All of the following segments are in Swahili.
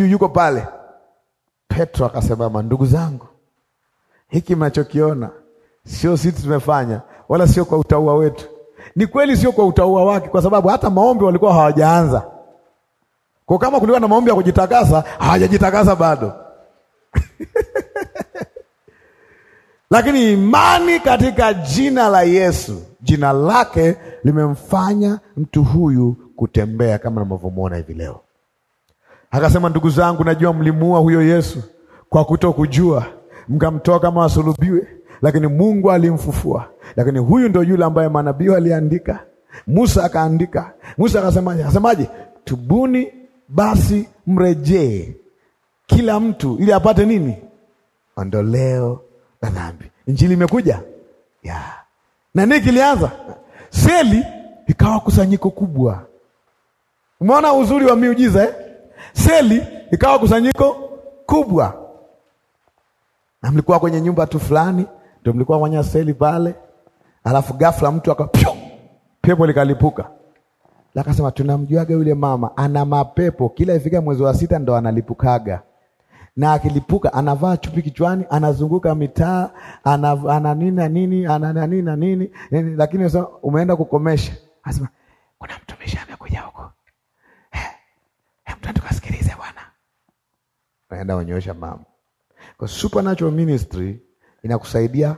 sijui yuko pale. Petro akasimama, ndugu zangu, hiki mnachokiona sio sisi tumefanya, wala sio kwa utaua wetu. Ni kweli, sio kwa utaua wake, kwa sababu hata maombi walikuwa hawajaanza. Kwa kama kulikuwa na maombi ya kujitakasa, hawajajitakasa bado lakini imani katika jina la Yesu, jina lake limemfanya mtu huyu kutembea kama ninavyomwona hivi leo. Akasema, ndugu zangu, najua mlimuua huyo Yesu kwa kutokujua, mkamtoa kama asulubiwe, lakini Mungu alimfufua. Lakini huyu ndio yule ambaye manabii aliandika, Musa akaandika. Musa akasemaje? Akasemaje? tubuni basi mrejee kila mtu ili apate nini? Ondoleo la dhambi. Injili imekuja yeah. na nini kilianza? Seli ikawa kusanyiko kubwa. Umeona uzuri wa miujiza eh? Seli ikawa kusanyiko kubwa, na mlikuwa kwenye nyumba tu fulani, ndio mlikuwa fanya seli pale, alafu ghafla mtu akapyo, pepo likalipuka lakasema tunamjuaga yule mama ana mapepo, kila ifika mwezi wa sita ndo analipukaga, na akilipuka anavaa chupi kichwani, anazunguka mitaa, ana nini na nini, ana nini na nini, yaani, lakini umeenda kukomesha, asema kuna mtumishi amekuja huko na tukasikilize Bwana, tunaenda kunyoosha mama. Kwa supernatural ministry inakusaidia.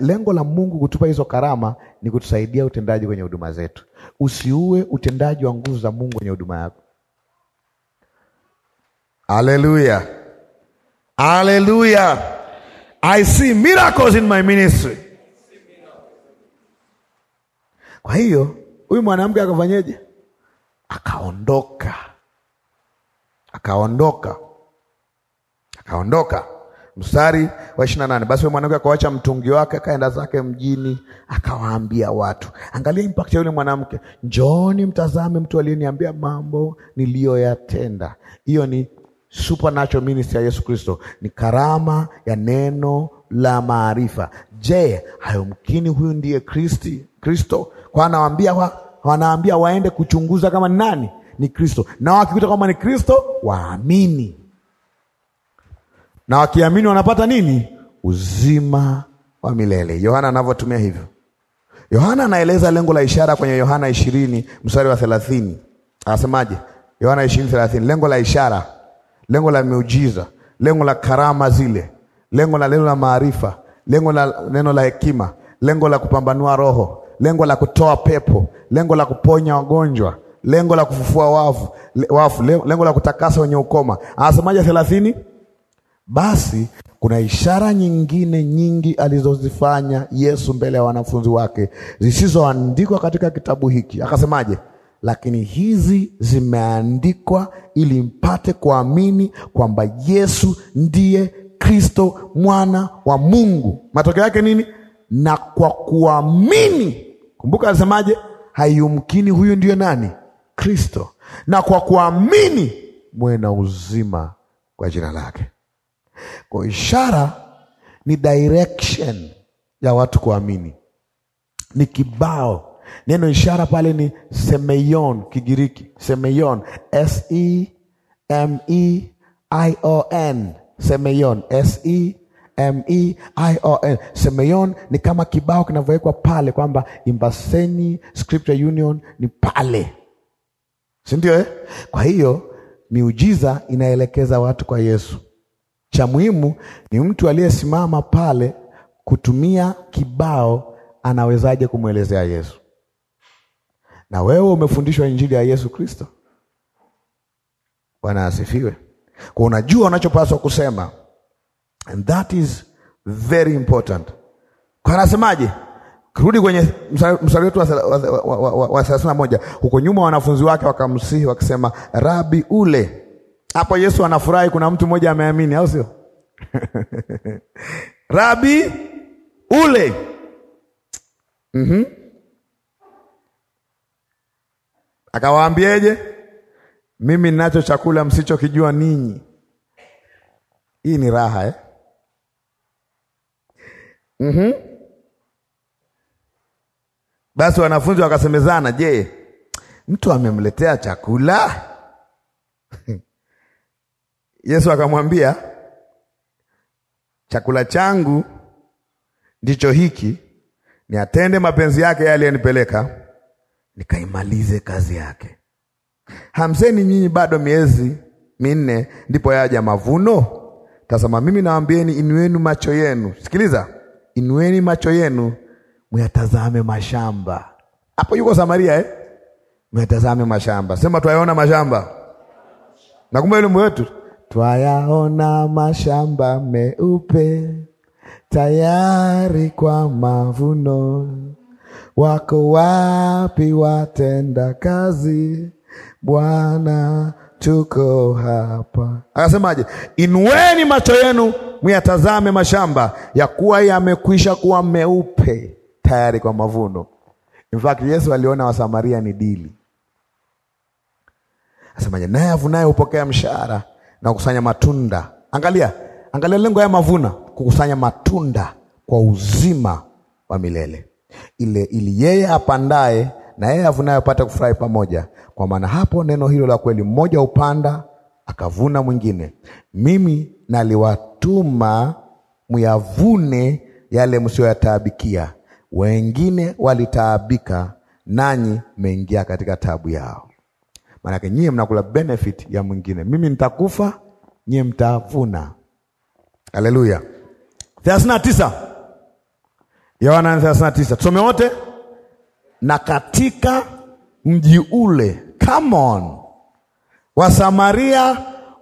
Lengo la Mungu kutupa hizo karama ni kutusaidia utendaji kwenye huduma zetu. Usiue utendaji wa nguvu za Mungu kwenye huduma yako. Haleluya, haleluya! I see miracles in my ministry. Kwa hiyo huyu mwanamke akafanyeje? Akaondoka akaondoka akaondoka. Mstari wa ishirini na nane basi mwanamke akawacha mtungi wake akaenda zake mjini, akawaambia watu. Angalia impact ya yule mwanamke, njooni mtazame mtu aliyeniambia mambo niliyoyatenda. Hiyo ni supernatural ministry ya Yesu Kristo, ni karama ya neno la maarifa. Je, hayomkini huyu ndiye Kristi Kristo? Kwa anawaambia wanaambia waende kuchunguza kama ni nani ni Kristo, na wakikuta kwamba ni Kristo waamini, na wakiamini wanapata nini? Uzima wa milele. Yohana anavyotumia hivyo. Yohana anaeleza lengo la ishara kwenye Yohana ishirini mstari wa thelathini. Anasemaje? Yohana ishirini thelathini, lengo la ishara, lengo la miujiza, lengo la karama zile, lengo la neno la maarifa, lengo la neno la hekima, lengo la kupambanua roho, lengo la kutoa pepo, lengo la kuponya wagonjwa, lengo la kufufua wafu, wafu lengo la kutakasa wenye ukoma. Anasemaje thelathini? Basi kuna ishara nyingine nyingi alizozifanya Yesu mbele ya wanafunzi wake zisizoandikwa katika kitabu hiki. Akasemaje? Lakini hizi zimeandikwa ili mpate kuamini kwa kwamba Yesu ndiye Kristo mwana wa Mungu. Matokeo yake nini? Na kwa kuamini, kumbuka alisemaje? Haiyumkini huyu ndiyo nani? Kristo, na kwa kuamini mwe na uzima kwa jina lake. Kwa ishara ni direction ya watu kuamini, ni kibao. Neno ishara pale ni semeion, Kigiriki semeion, S E M E I O N, semeion, S E M E I O N, semeion ni kama kibao kinavyowekwa pale kwamba Embassy Scripture Union ni pale si ndio eh? Kwa hiyo miujiza inaelekeza watu kwa Yesu. Cha muhimu ni mtu aliyesimama pale kutumia kibao, anawezaje kumwelezea Yesu? Na wewe umefundishwa injili ya Yesu Kristo. Bwana asifiwe. Kwa unajua unachopaswa kusema, and that is very important. Kwa anasemaje? Kirudi kwenye mstari wetu wa thelathini na moja. Huko nyuma wanafunzi wake wakamsihi wakisema, Rabi ule. Hapo Yesu anafurahi, kuna mtu mmoja ameamini, au sio? Rabi ule. mm -hmm. Akawaambieje? Mimi ninacho chakula msichokijua ninyi. Hii ni raha eh? mm -hmm. Basi wanafunzi wakasemezana, je, mtu amemletea chakula? Yesu akamwambia, chakula changu ndicho hiki, ni atende mapenzi yake yale yanipeleka, nikaimalize kazi yake. Hamseni nyinyi bado miezi minne, ndipo yaja mavuno. Tazama, mimi nawaambieni, inueni macho yenu. Sikiliza, inueni macho yenu muyatazame mashamba. Hapo yuko Samaria eh? Myatazame mashamba. Sema twayaona mashamba. Nakumbuka elimu yetu, twayaona mashamba meupe tayari kwa mavuno. Wako wapi watenda kazi? Bwana tuko hapa. Akasemaje? Inueni macho yenu myatazame mashamba, ya kuwa yamekwisha kuwa meupe tayari kwa mavuno. In fact, Yesu aliona Wasamaria ni dili, asemaje? Naye avunaye hupokea mshahara na kukusanya matunda. Angalia, angalia lengo ya mavuna kukusanya matunda kwa uzima wa milele ile, ili yeye apandaye na yeye avunaye apate kufurahi pamoja. Kwa maana hapo neno hilo la kweli, mmoja upanda akavuna mwingine. Mimi naliwatuma muyavune yale msiyoyataabikia wengine walitaabika, nanyi mmeingia katika taabu yao. Maanake nyie mnakula benefit ya mwingine. Mimi nitakufa, nyie mtavuna. Haleluya. thelathini na tisa Yohana thelathini na tisa tusome wote. Na katika mji ule, come on, Wasamaria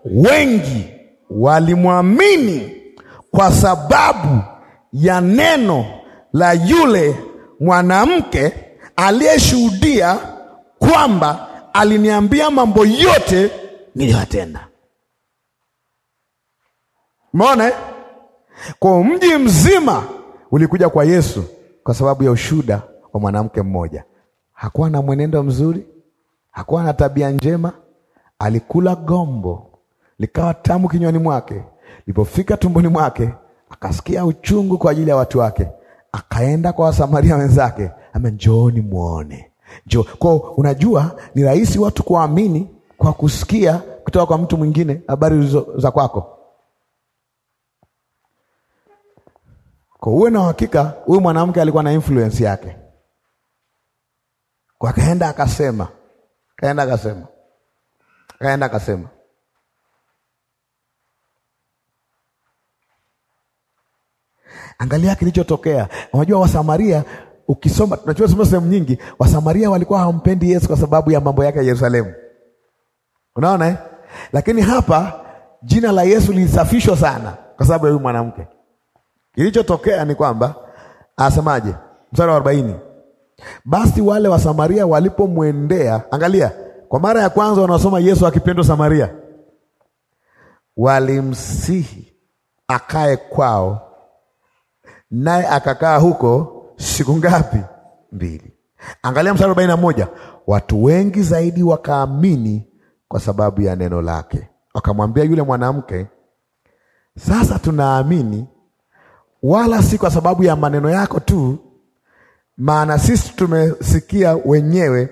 wengi walimwamini kwa sababu ya neno la yule mwanamke aliyeshuhudia kwamba aliniambia mambo yote niliyoyatenda. mone eh? kwa mji mzima ulikuja kwa Yesu kwa sababu ya ushuhuda wa mwanamke mmoja. Hakuwa na mwenendo mzuri, hakuwa na tabia njema, alikula gombo likawa tamu kinywani mwake, lipofika tumboni mwake akasikia uchungu kwa ajili ya watu wake akaenda kwa Wasamaria wenzake, ama njooni mwone njoo kwao. Unajua, ni rahisi watu kuamini kwa kusikia kutoka kwa mtu mwingine habari za kwako. Kwa uwe na uhakika, huyu mwanamke alikuwa na influence yake, kwa kaenda akasema, kaenda akasema, kaenda akasema Angalia kilichotokea. Unajua Wasamaria ukisoma, tunajua soma sehemu nyingi, Wasamaria walikuwa hawampendi Yesu kwa sababu ya mambo yake ya Yerusalemu, unaona eh? Lakini hapa jina la Yesu lilisafishwa sana kwa sababu ya huyu mwanamke. Kilichotokea ni kwamba asemaje? Mstari wa arobaini, basi wale wa Samaria walipomwendea, angalia, kwa mara ya kwanza wanasoma Yesu akipendwa Samaria, walimsihi akae kwao naye akakaa huko siku ngapi? Mbili. Angalia mstari arobaini na moja, watu wengi zaidi wakaamini kwa sababu ya neno lake. Wakamwambia yule mwanamke, sasa tunaamini, wala si kwa sababu ya maneno yako tu, maana sisi tumesikia wenyewe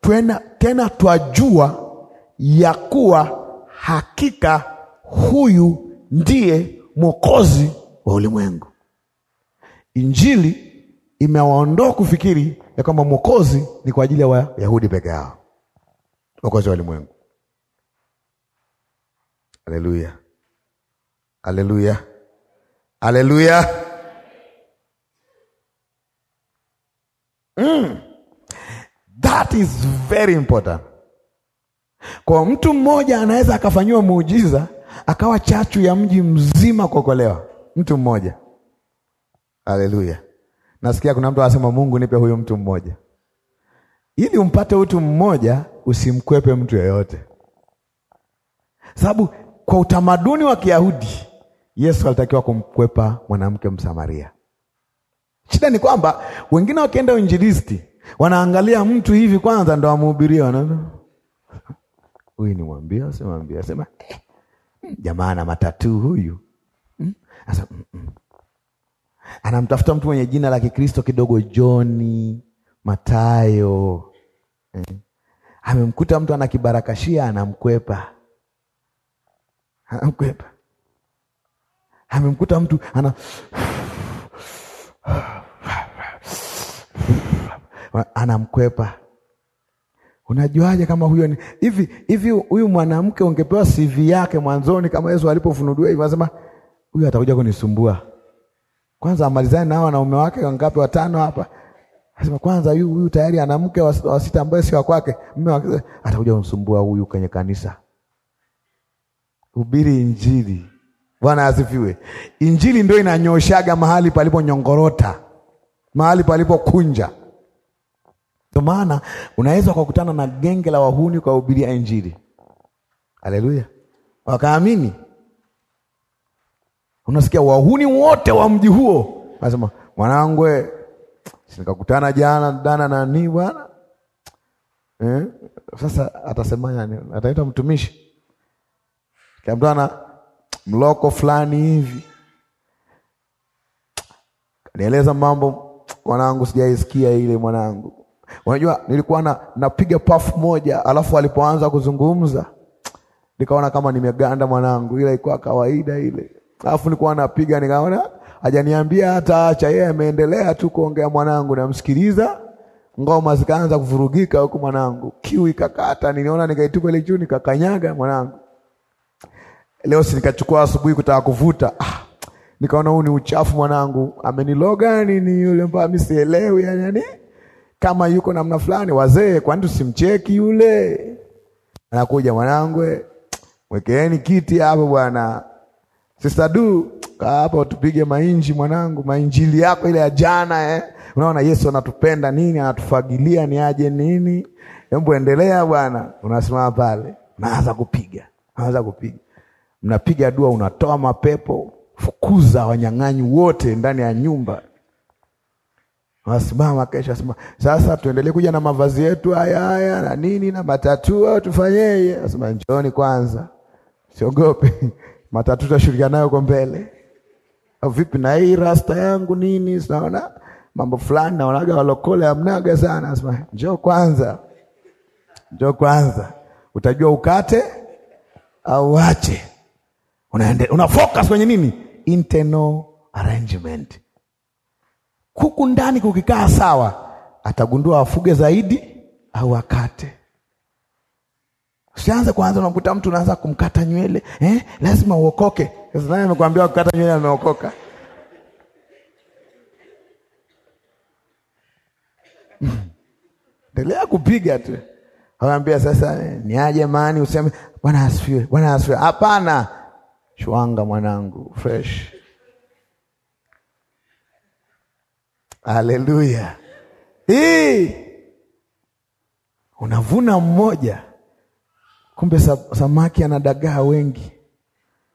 tena, tena twajua ya kuwa hakika huyu ndiye Mwokozi wa ulimwengu. Injili imewaondoa kufikiri ya kwamba mwokozi ni kwa ajili ya Wayahudi peke yao, mwokozi wa ulimwengu. Haleluya, aleluya aleluya. Mm. That is very important. Kwa mtu mmoja anaweza akafanyiwa muujiza akawa chachu ya mji mzima kuokolewa, mtu mmoja Haleluya. Nasikia kuna mtu anasema Mungu nipe huyu mtu mmoja. Ili umpate mtu mmoja, usimkwepe mtu yeyote, sababu kwa utamaduni wa Kiyahudi Yesu alitakiwa kumkwepa mwanamke Msamaria. Shida ni kwamba wengine wakienda uinjilisti wanaangalia mtu hivi kwanza, ndo wamuhubirie, wana huyu ni mwambia asemwambia sema eh, jamaa na matatu huyu hmm? Asa, mm -mm anamtafuta mtu mwenye jina la Kikristo kidogo, Joni, Matayo eh. Amemkuta mtu anakibarakashia, anamkwepa, anamkwepa. Amemkuta mtu ana anamkwepa. Unajuaje kama huyo ni hivi hivi? Huyu mwanamke ungepewa CV yake mwanzoni, kama Yesu alipofunuliwa hivi, anasema huyu atakuja kunisumbua kwanza amalizane na wanaume wake wangapi? Watano hapa. Anasema kwanza huyu huyu tayari ana mke wa sita ambaye si wa kwake. Mume wake atakuja kumsumbua huyu kwenye kanisa. Hubiri Injili. Bwana asifiwe. Injili ndio inanyoshaga mahali paliponyongorota, mahali palipokunja. Ndio maana unaweza kukutana na genge la wahuni kwa kuhubiria Injili. Haleluya, wakaamini. Unasikia wahuni wote wa mji huo, anasema mwanangu, nikakutana jana dana nani bwana eh? Sasa atasema yani, ataita mtumishi kamtana mloko fulani hivi, nieleza mambo mwanangu, sijaisikia ile mwanangu. Unajua nilikuwa na napiga pafu moja, alafu alipoanza kuzungumza nikaona kama nimeganda mwanangu, ila ilikuwa kawaida ile Alafu nilikuwa napiga nikaona hajaniambia hata acha, yeye ameendelea tu kuongea, mwanangu namsikiliza, ngoma zikaanza kuvurugika huko mwanangu kiu ikakata, niliona nikaituka ile juu nikakanyaga, mwanangu leo si nikachukua asubuhi kutaka kuvuta ah, nikaona huu ni uchafu mwanangu, ameniloga nini yule, mpaka mimi sielewi yani, yani kama yuko namna fulani. Wazee, kwa nini usimcheki yule? Anakuja mwanangu, eh, wekeeni kiti hapo bwana Sister Du, hapa tupige mainji mwanangu, mainjili yako ile ya jana eh. Unaona Yesu anatupenda nini, anatufagilia ni aje nini. Hebu endelea bwana. Unasimama pale, naanza kupiga. Naanza kupiga. Mnapiga dua, unatoa mapepo, fukuza wanyang'anyi wote ndani ya nyumba. Wasimama kesho, asema sasa tuendelee kuja na mavazi yetu haya haya na nini na matatua tufanyeye? Asema njooni kwanza. Siogope matatu tutashirikiana nayo kwa mbele. Au vipi na hii rasta yangu nini? Sinaona mambo fulani naonaga walokole amnaga sana. Sema njoo kwanza, njoo kwanza, utajua ukate au wache Unaende, una focus kwenye nini? Internal arrangement. Kuku ndani kukikaa sawa, atagundua afuge zaidi au akate. Usianze kwanza, unakuta mtu unaanza kumkata nywele eh, lazima uokoke. Nani amekwambia kukata nywele ameokoka? Endelea kupiga tu. Anaambia sasa ni aje mani, useme Bwana asifiwe, Bwana asifiwe. Hapana, shwanga mwanangu, fresh. Haleluya! Hii unavuna mmoja Kumbe samaki anadagaa wengi,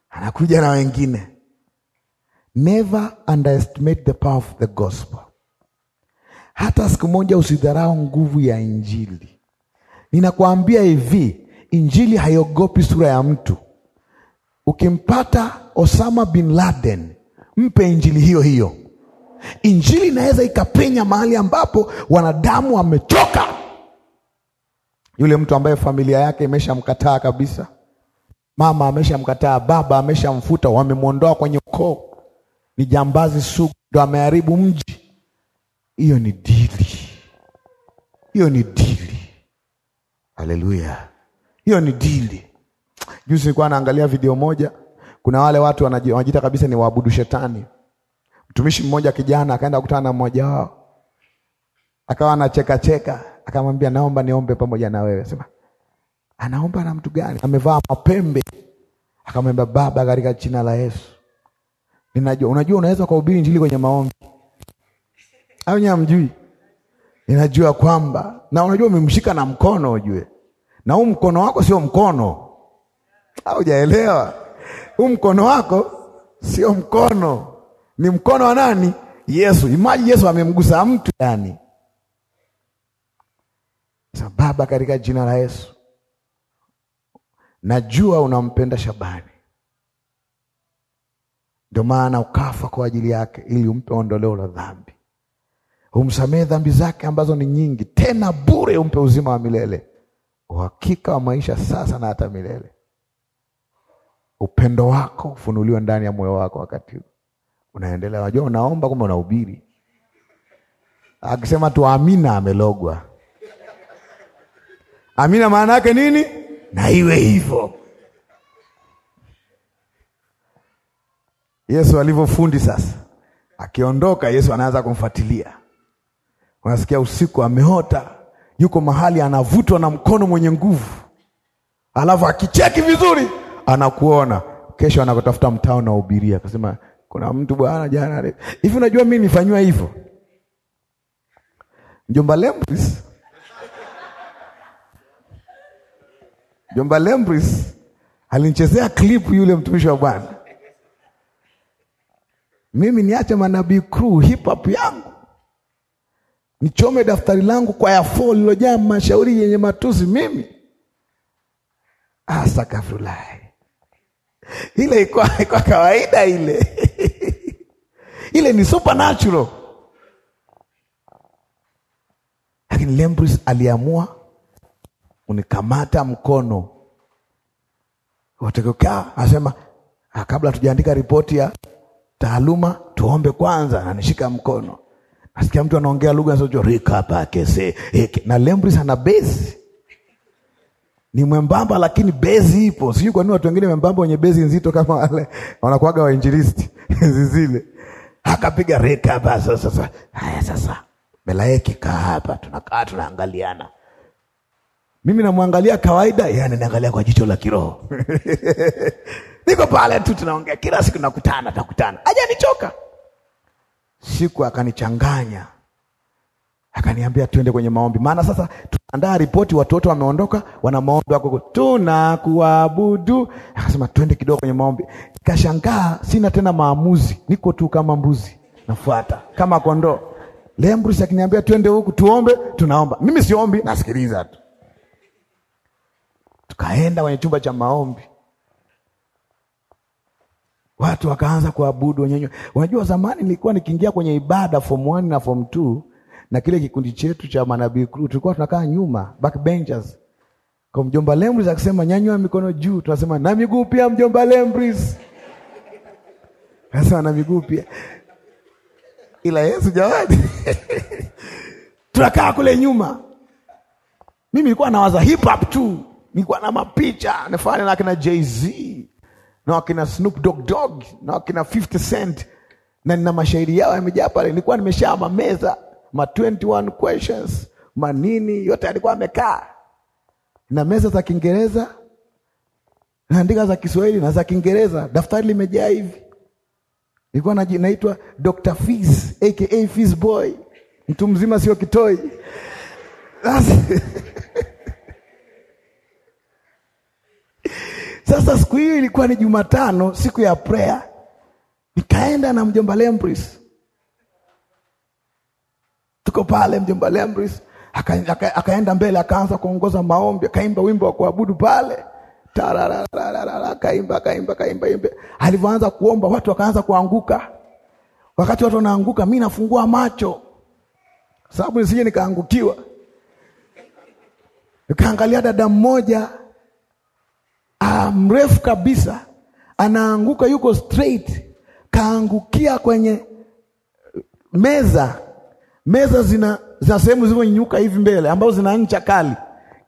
anakuja na wengine. Never underestimate the power of the gospel. Hata siku moja usidharau nguvu ya Injili. Ninakuambia hivi, Injili haiogopi sura ya mtu. Ukimpata Osama bin Laden, mpe Injili hiyo hiyo. Injili inaweza ikapenya mahali ambapo wanadamu wamechoka. Yule mtu ambaye familia yake imeshamkataa kabisa, mama ameshamkataa, baba ameshamfuta, wamemwondoa kwenye ukoo, ni jambazi sugu, ndo ameharibu mji. Hiyo ni dili, hiyo ni dili. Haleluya, hiyo ni dili. Juzi nilikuwa naangalia video moja, kuna wale watu wanajiita kabisa ni waabudu shetani. Mtumishi mmoja kijana akaenda kukutana na mmoja wao, akawa anachekacheka akamwambia naomba niombe pamoja na wewe. Sema anaomba na mtu gani? Amevaa mapembe. Akamwambia Baba, katika jina la Yesu ninajua, unajua unaweza kuhubiri injili kwenye maombi au mjui? Ninajua kwamba na unajua umemshika na mkono ujue, na huu mkono wako sio mkono au hujaelewa? Huu mkono wako sio mkono, ni mkono wa nani? Yesu. Imaji Yesu amemgusa mtu yani sasa Baba, katika jina la Yesu, najua unampenda Shabani, ndio maana ukafa kwa ajili yake, ili umpe ondoleo la dhambi, umsamehe dhambi zake ambazo ni nyingi, tena bure, umpe uzima wa milele, uhakika wa maisha sasa na hata milele. Upendo wako ufunuliwe ndani ya moyo wako wakati unaendelea. Wajua unaomba, kama unahubiri. Akisema tu amina, amelogwa. Amina maana yake nini? Na iwe hivyo. Yesu alivyofundi sasa, akiondoka Yesu anaanza kumfuatilia. Unasikia usiku ameota, yuko mahali anavutwa na mkono mwenye nguvu, alafu akicheki vizuri anakuona. Kesho anakutafuta mtaa ubiria akasema kuna mtu bwana, jana hivi, unajua mimi nifanywa hivyo, mjomba Lempis Jomba Lembris alinichezea klipu yule mtumishi wa Bwana. Mimi niache manabii crew hip hop yangu nichome daftari langu kwa yafo lilojaa mashauri yenye matusi mimi asakafulai ah, ile ilikuwa kwa kawaida ile ile ni supernatural, lakini Lembris aliamua unikamata mkono watokea asema ah, kabla tujaandika ripoti ya taaluma tuombe kwanza, ananishika mkono. Nasikia mtu anaongea lugha zojo rika pakese na lembri sana bezi ni mwembamba lakini bezi ipo. Sijui kwa nini watu wengine mwembamba wenye bezi nzito kama wale wanakuaga wainjilisti zizile. Akapiga reka hapa sasa sasa. Haya sasa. Melaeki kaa hapa tunakaa tunaangaliana. Mimi namwangalia kawaida, yeye ananiangalia kwa jicho la kiroho niko pale tu, tunaongea kila siku, nakutana takutana, hajanichoka. Siku akanichanganya, akaniambia tuende kwenye maombi, maana sasa tunaandaa ripoti, watoto wameondoka, wana maombi wako, tunakuabudu. Akasema tuende kidogo kwenye maombi. Kashangaa, sina tena maamuzi, niko tu kama mbuzi, nafuata kama kondoo. Lembrusi akiniambia tuende huku tuombe, tunaomba. Mimi siombi, nasikiliza tu tukaenda kwenye chumba cha maombi, watu wakaanza kuabudu wenyewe. Unajua, zamani nilikuwa nikiingia kwenye ibada form 1 na form 2 na kile kikundi chetu cha manabii crew, tulikuwa tunakaa nyuma back benches Kwa mjomba Lembris akisema nyanyua mikono juu, tunasema na miguu pia, mjomba Lembris sasa na miguu pia, ila Yesu jawadi tunakaa kule nyuma. Mimi nilikuwa nawaza hip hop tu nilikuwa na mapicha nafanya na akina JZ na akina Snoop Dogg Dogg na akina 50 Cent na nina mashairi yao yamejaa pale. Nilikuwa nimeshaa mameza ma 21 questions manini yote alikuwa amekaa na meza za Kiingereza naandika za Kiswahili na za Kiingereza, daftari limejaa hivi. Nilikuwa naitwa Dr. Fizz aka Fizz Boy, mtu mzima sio kitoi. Sasa siku hiyo ilikuwa ni Jumatano, siku ya prayer, nikaenda na mjomba Lembris, tuko pale, mjomba Lembris akaenda aka, aka mbele, akaanza kuongoza maombi, akaimba wimbo wa kuabudu pale kaimba kaimba kaimba imbe. Alivyoanza kuomba watu wakaanza kuanguka. Wakati watu wanaanguka, mi nafungua macho sababu nisije nikaangukiwa. Nikaangalia dada mmoja ah, mrefu kabisa, anaanguka, yuko straight, kaangukia kwenye meza. Meza zina, zina sehemu zilivyonyuka hivi mbele ambazo zina ncha kali,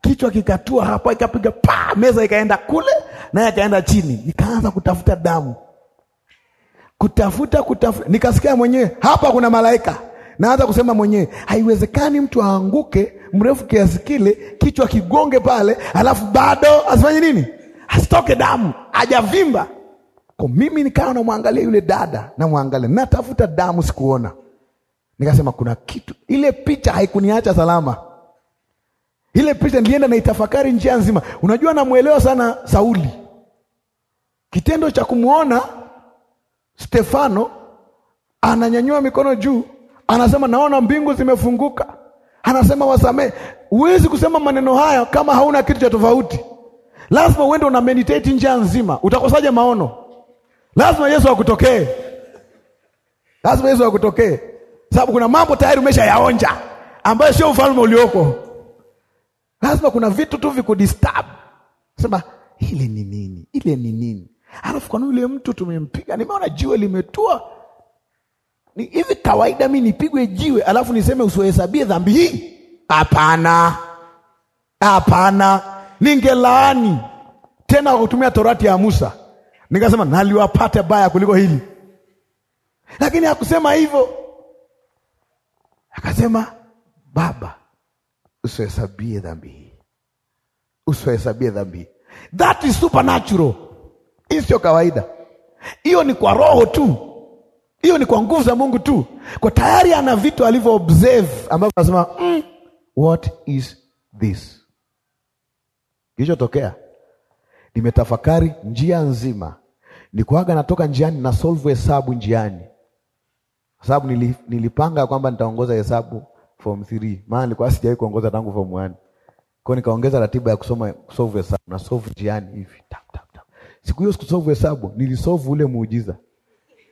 kichwa kikatua hapa, ikapiga pa, meza ikaenda kule, naye akaenda chini, nikaanza kutafuta damu, kutafuta kutafuta, nikasikia mwenyewe hapa kuna malaika naanza kusema mwenyewe, haiwezekani mtu aanguke mrefu kiasi kile, kichwa kigonge pale, alafu bado asifanye nini? asitoke damu, hajavimba. Kwa mimi nikawa namwangalia yule dada, namwangalia natafuta damu, sikuona. Nikasema kuna kitu, ile picha haikuniacha salama. Ile picha nilienda naitafakari njia nzima. Unajua, namwelewa sana Sauli. Kitendo cha kumwona Stefano ananyanyua mikono juu, anasema naona mbingu zimefunguka, anasema wasamehe. Huwezi kusema maneno haya kama hauna kitu cha tofauti lazima uende una meditate njia nzima, utakosaje maono? Lazima Yesu akutokee, lazima Yesu akutokee, sababu kuna mambo tayari umesha yaonja ambayo sio ufalme ulioko. Lazima kuna vitu tu vikudisturb, sema ile ni nini? Ile ni nini? Alafu kwa yule mtu tumempiga, nimeona jiwe limetua ni hivi kawaida, mi nipigwe jiwe alafu niseme usiohesabie dhambi hii? Hapana, hapana ningelaani tena kutumia torati ya Musa, nikasema naliwapate baya kuliko hili, lakini hakusema hivyo. Akasema, Baba, usihesabie dhambi hii, usihesabie dhambi hii. That is supernatural, hii sio kawaida. Hiyo ni kwa roho tu, hiyo ni kwa nguvu za Mungu tu, kwa tayari ana vitu alivyo observe ambavyo anasema mm, what is this Kilichotokea, nimetafakari njia nzima, nikuaga natoka njiani na solve hesabu njiani, sababu nilipanga kwamba nitaongoza hesabu form 3, maana nilikuwa sijawahi kuongoza tangu form 1. Kwa nikaongeza ratiba ya kusoma solve hesabu na solve njiani hivi tap tap tap. Siku hiyo sikusolve hesabu, nilisolve ule muujiza.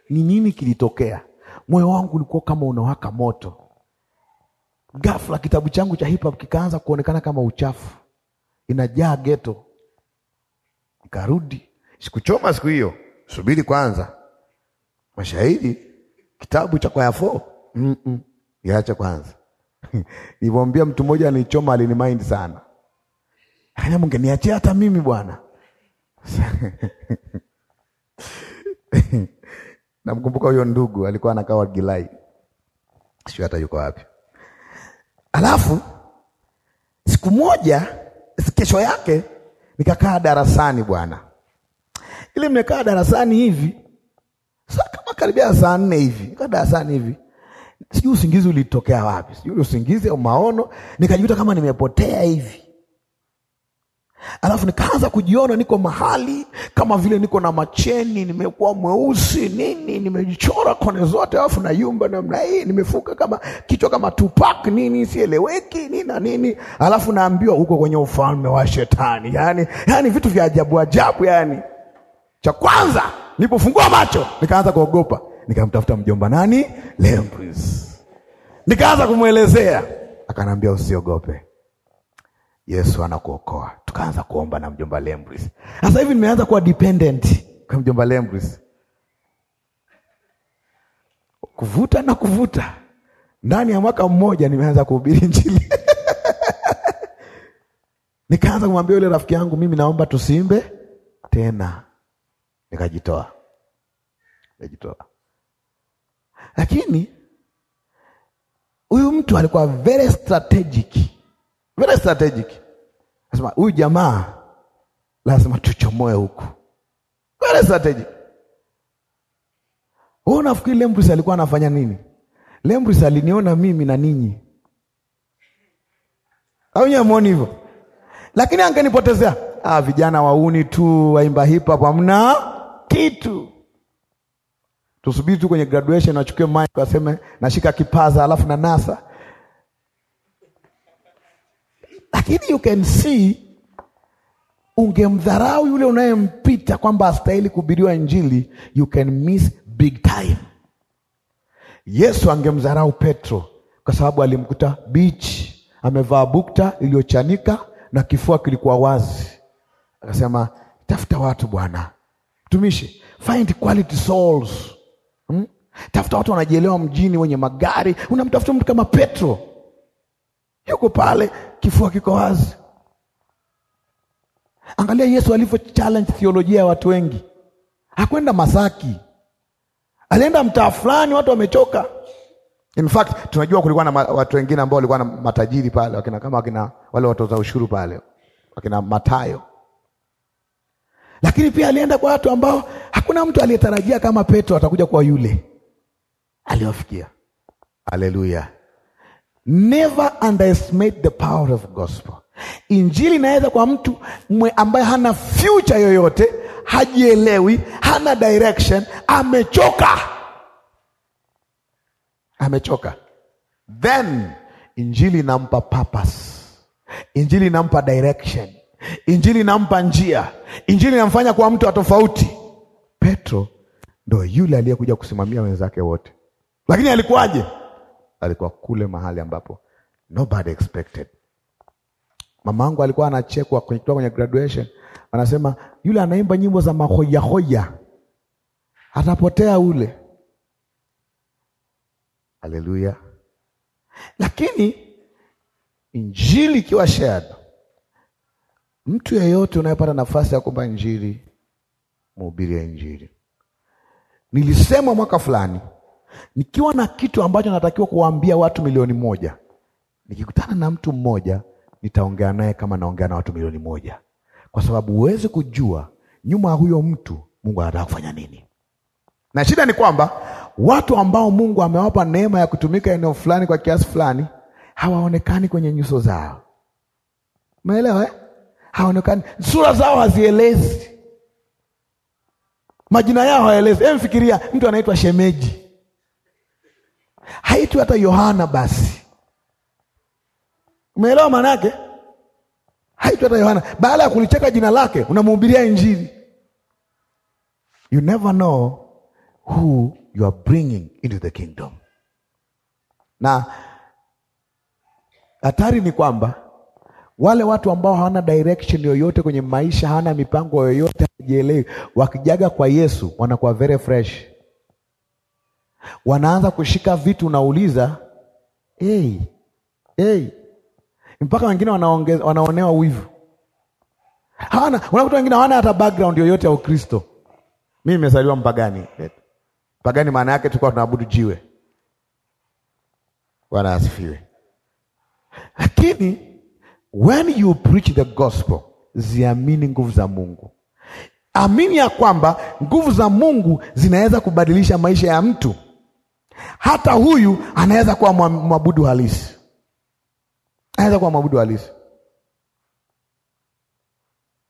Ni nini kilitokea? Moyo wangu ulikuwa kama unawaka moto. Ghafla kitabu changu cha hip hop kikaanza kuonekana kama uchafu inajaa geto. Nikarudi, sikuchoma siku hiyo, subiri kwanza mashahidi, kitabu cha kwaya fo mm -mm. Yaacha kwanza nilivyomwambia mtu mmoja nichoma, alinimaindi sana, ana niachie hata mimi bwana namkumbuka huyo ndugu alikuwa anakaa Wagilai, sio hata yuko wapi. Alafu siku moja kesho yake nikakaa darasani bwana, ile nimekaa darasani hivi saa kama karibia saa nne hivi, nikaa darasani hivi, sijui usingizi ulitokea wapi, sijui usingizi au maono, nikajikuta kama nimepotea hivi alafu nikaanza kujiona niko mahali kama vile niko na macheni, nimekuwa mweusi nini, nimejichora kone zote, alafu nayumba namna hii, nimefuka kama kichwa kama Tupac nini, sieleweki nini na nini, alafu naambiwa huko kwenye ufalme wa Shetani. Yani, yani vitu vya ajabu ajabu. Yani cha kwanza nilipofungua macho nikaanza kuogopa, nikamtafuta mjomba nani Lembris, nikaanza kumwelezea, akanambia usiogope Yesu anakuokoa. Tukaanza kuomba na mjomba Lembris. Sasa hivi nimeanza kuwa dependent kwa mjomba Lembris, kuvuta na kuvuta. Ndani ya mwaka mmoja nimeanza kuhubiri Injili. Nikaanza kumwambia yule rafiki yangu, mimi naomba tusiimbe tena. Nikajitoa, nikajitoa. Lakini huyu mtu alikuwa very strategic very strategic. Nasema huyu jamaa lazima tuchomoe huku, very strategic. Wewe unafikiri Lembris alikuwa anafanya nini? Lembris aliniona mimi na ninyi, au nyewe muoni hivyo? Lakini angenipotezea. Ah, vijana wauni tu waimba hip hop amna kitu. Tusubiri tu kwenye graduation wachukue mic waseme nashika kipaza alafu na nasa Lakini you can see, ungemdharau yule unayempita kwamba astahili kuhubiriwa Injili, you can miss big time. Yesu angemdharau Petro kwa sababu alimkuta bichi, amevaa bukta iliyochanika na kifua kilikuwa wazi, akasema tafuta watu bwana, mtumishi, find quality souls hmm? Tafuta watu wanajielewa mjini, wenye magari. Unamtafuta mtu kama Petro yuko pale kifua kiko wazi. Angalia Yesu alivyo challenge theolojia ya watu wengi. Hakwenda Masaki, alienda mtaa fulani, watu wamechoka. In fact tunajua kulikuwa na watu wengine ambao walikuwa na matajiri pale, wakina kama wakina wale watoza ushuru pale, wakina Matayo. Lakini pia alienda kwa watu ambao hakuna mtu aliyetarajia kama Petro atakuja kwa yule aliwafikia. Haleluya! Never underestimate the power of gospel. Injili inaweza kwa mtu mwe ambaye hana future yoyote, hajielewi, hana direction, amechoka, amechoka, then injili inampa purpose, injili inampa direction, injili inampa njia, injili inamfanya kuwa mtu wa tofauti. Petro ndo yule aliyekuja kusimamia wenzake wote, lakini alikuwaje? alikuwa kule mahali ambapo nobody expected. Mamangu alikuwa anachekwa kutoka kwenye graduation, anasema yule anaimba nyimbo za hoya atapotea ule. Haleluya! Lakini injili ikiwa shared, mtu yeyote unayepata nafasi ya kumba injili, mhubiri ya injili. Nilisema mwaka fulani Nikiwa na kitu ambacho natakiwa kuwaambia watu milioni moja, nikikutana na mtu mmoja nitaongea naye kama naongea na watu milioni moja, kwa sababu huwezi kujua nyuma ya huyo mtu Mungu anataka kufanya nini. Na shida ni kwamba watu ambao Mungu amewapa neema ya kutumika eneo fulani kwa kiasi fulani hawaonekani kwenye nyuso zao, umeelewa eh? Haonekani, sura zao hazielezi, majina yao haelezi. Emfikiria mtu anaitwa shemeji haitwi hata Yohana basi. Umeelewa maana yake? haitwi hata Yohana, baada ya kulicheka jina lake unamhubiria Injili. You never know who you are bringing into the kingdom. Na hatari ni kwamba wale watu ambao hawana direction yoyote kwenye maisha, hawana mipango yoyote, hajielewi, wakijaga kwa Yesu wanakuwa very fresh wanaanza kushika vitu, unauliza hey, hey. Mpaka wengine wanaonewa wivu, hawana unakuta wengine hawana hata background yoyote ya Ukristo. mi nimezaliwa mpagani. Pagani maana yake tulikuwa tunaabudu jiwe. Bwana asifiwe. Lakini when you preach the gospel, ziamini nguvu za Mungu. Amini ya kwamba nguvu za Mungu zinaweza kubadilisha maisha ya mtu. Hata huyu anaweza kuwa mwabudu halisi, anaweza kuwa mwabudu halisi,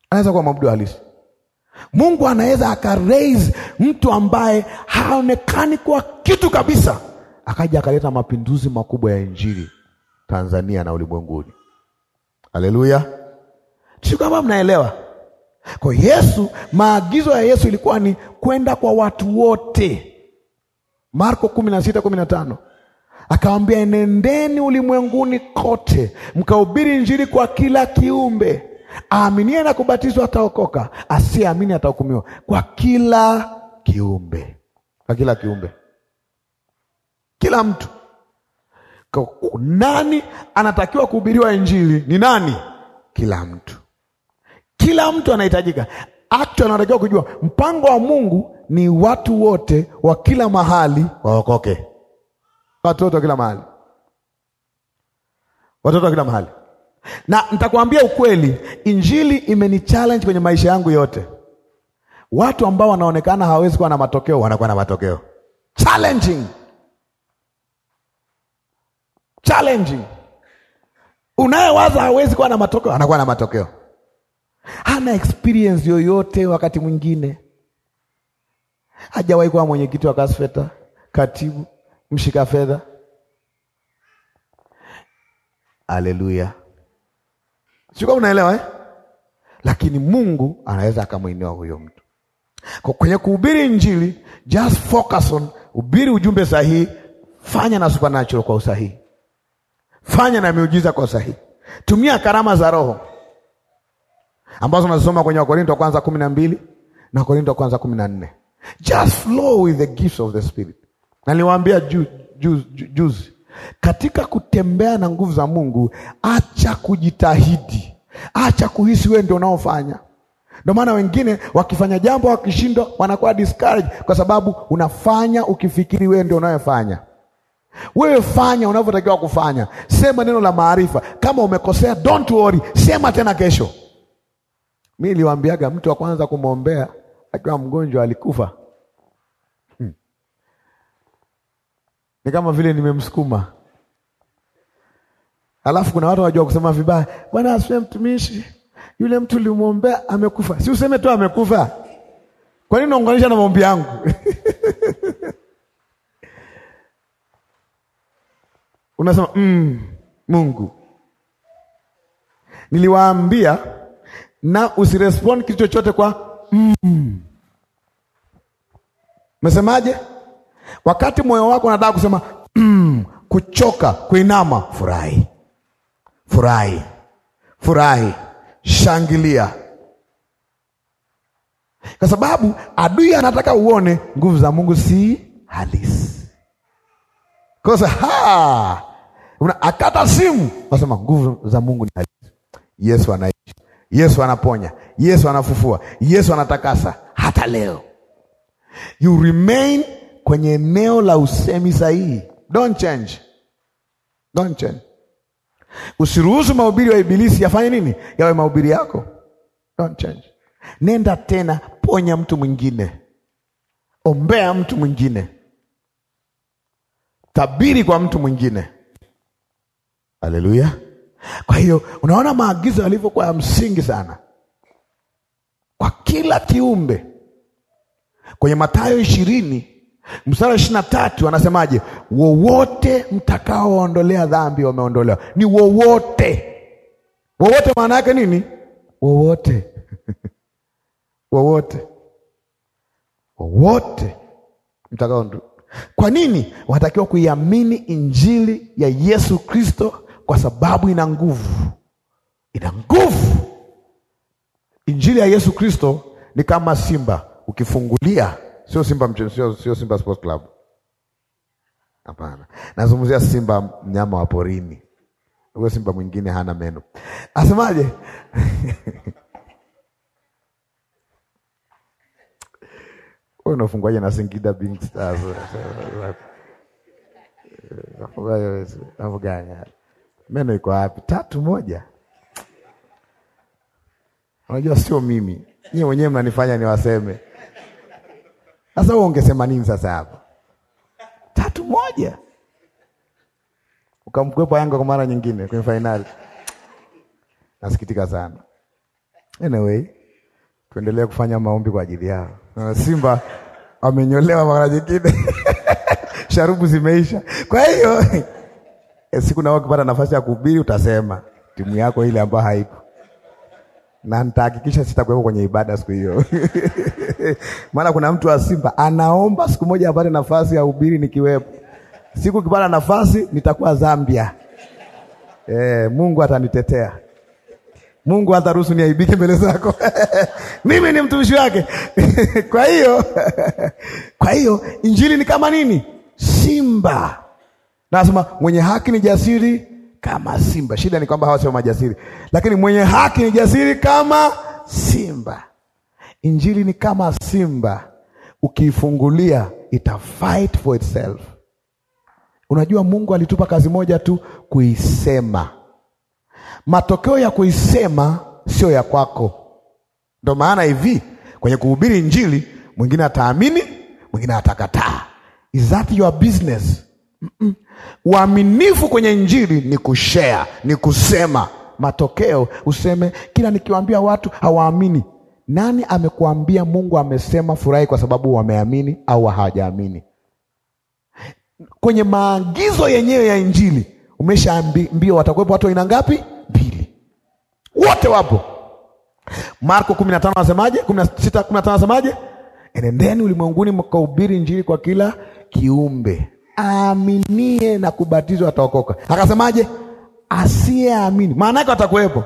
anaweza kuwa mwabudu halisi. Mungu anaweza aka mtu ambaye haonekani kwa kitu kabisa, akaja akaleta mapinduzi makubwa ya injili Tanzania na ulimwenguni. Haleluya, si kwamba mnaelewa? Kwa Yesu, maagizo ya Yesu ilikuwa ni kwenda kwa watu wote Marko 16:15 na enendeni akawambia, nendeni ulimwenguni kote mkaubiri Injili kwa kila kiumbe, aaminie na kubatizwa ataokoka, asiyeamini atahukumiwa. Kwa kila kiumbe, kwa kila kiumbe, kila mtu. Nani anatakiwa kuhubiriwa Injili? Ni nani? Kila mtu, kila mtu anahitajika. Aktu anatakiwa kujua mpango wa Mungu ni watu wote wa kila mahali waokoke. Watu wote wa kila mahali, watoto wa kila mahali. Na nitakwambia ukweli, injili challenge kwenye maisha yangu yote. Watu ambao wanaonekana hawawezi kuwa na matokeo wanakuwa na matokeo. Challenging, challenging. Unayewaza hawezi kuwa na matokeo anakuwa na matokeo, hana experience yoyote wakati mwingine hajawahi kuwa mwenyekiti wa Kasfeta, katibu, mshika fedha. Haleluya, sikuwa unaelewa eh? Lakini Mungu anaweza akamwinua huyo mtu kwa kwenye kuhubiri Injili. Just focus on hubiri ujumbe sahihi, fanya na supernatural kwa usahihi, fanya na miujiza kwa usahihi, tumia karama za Roho ambazo unazisoma kwenye Wakorinto wa kwanza kumi na mbili na Wakorinto wa kwanza kumi na nne. Just flow with the gifts of the Spirit. Naliwaambia juzi katika kutembea na nguvu za Mungu, acha kujitahidi, acha kuhisi wewe ndio unaofanya. Ndio maana wengine wakifanya jambo wakishindwa, wanakuwa discouraged kwa sababu unafanya ukifikiri wewe ndio unayofanya. Wewe fanya unavyotakiwa kufanya, sema neno la maarifa. Kama umekosea, don't worry, sema tena kesho. Mi niliwaambiaga mtu wa kwanza kumwombea akiwa mgonjwa alikufa. Hmm. Ni kama vile nimemsukuma. Alafu kuna watu wajua kusema vibaya, bwana asiwe mtumishi, yule mtu ulimwombea amekufa. Si useme tu amekufa, kwa nini na maombi yangu? Unasema mm, Mungu niliwaambia na usirespond kitu chochote kwa mm. Umesemaje? Wakati moyo wako unataka kusema mm, kuchoka, kuinama, furahi, furahi, furahi, shangilia, kwa sababu adui anataka uone nguvu za Mungu si halisi. Kosa ha una akata simu, nasema nguvu za Mungu ni halisi. Yesu anaishi, Yesu anaponya, Yesu anafufua, Yesu anatakasa hata leo. You remain kwenye eneo la usemi sahihi. Don't change. Don't change. Usiruhusu mahubiri wa ibilisi yafanye nini? Yawe mahubiri yako. Don't change. Nenda tena, ponya mtu mwingine, ombea mtu mwingine, tabiri kwa mtu mwingine. Haleluya! Kwa hiyo unaona maagizo yalivyokuwa ya msingi sana kwa kila kiumbe. Kwenye Mathayo ishirini mstari wa ishirini na tatu anasemaje? Wowote mtakaoondolea dhambi wameondolewa. Ni wowote. Wowote maana yake nini? Wowote wowote wowote mtakaondo. Kwa nini wanatakiwa kuiamini injili ya Yesu Kristo? Kwa sababu ina nguvu, ina nguvu. Injili ya Yesu Kristo ni kama simba ukifungulia, sio Simba mchezo, sio Simba Sports Club, hapana, nazungumzia simba mnyama wa porini. Huyo simba mwingine hana meno, asemaje? Wewe unafunguaje na Singida Big Stars? Meno iko wapi? Tatu moja. Unajua sio mimi. Nyinyi wenyewe mnanifanya niwaseme. Sasa wewe ungesema nini sasa hapo? Tatu moja. Ukamkwepa Yanga kwa mara nyingine kwenye fainali. Nasikitika sana. Anyway, tuendelee kufanya maombi kwa ajili yao. Simba amenyolewa mara nyingine. Sharubu zimeisha. Kwa hiyo eh, siku nawe ukipata nafasi ya kuhubiri utasema timu yako ile ambayo haipo na nitahakikisha sitakuwepo kwenye ibada siku hiyo maana kuna mtu wa Simba anaomba siku moja apate nafasi ya ubiri nikiwepo. Siku kipata nafasi nitakuwa Zambia. E, Mungu atanitetea. Mungu ataruhusu niaibike mbele zako mimi ni mtumishi wake kwa hiyo kwa hiyo injili ni kama nini? Simba nasema mwenye haki ni jasiri kama simba. Shida ni kwamba hawa sio majasiri, lakini mwenye haki ni jasiri kama simba. Injili ni kama simba, ukiifungulia ita fight for itself. Unajua, Mungu alitupa kazi moja tu, kuisema. Matokeo ya kuisema sio ya kwako. Ndo maana hivi kwenye kuhubiri Injili, mwingine ataamini, mwingine atakataa. Is that your business? Uaminifu kwenye Injili ni kushea, ni kusema. Matokeo useme kila nikiwaambia watu hawaamini. Nani amekuambia Mungu amesema furahi kwa sababu wameamini au hawajaamini? Kwenye maagizo yenyewe ya Injili umeshaambia watakuwepo watu aina ngapi? Mbili, wote wapo. Marko 15 anasemaje? 16 15 anasemaje? Enendeni ulimwenguni mkahubiri Injili kwa kila kiumbe aaminie na kubatizwa ataokoka. Akasemaje? Asiyeamini maana yake atakuwepo.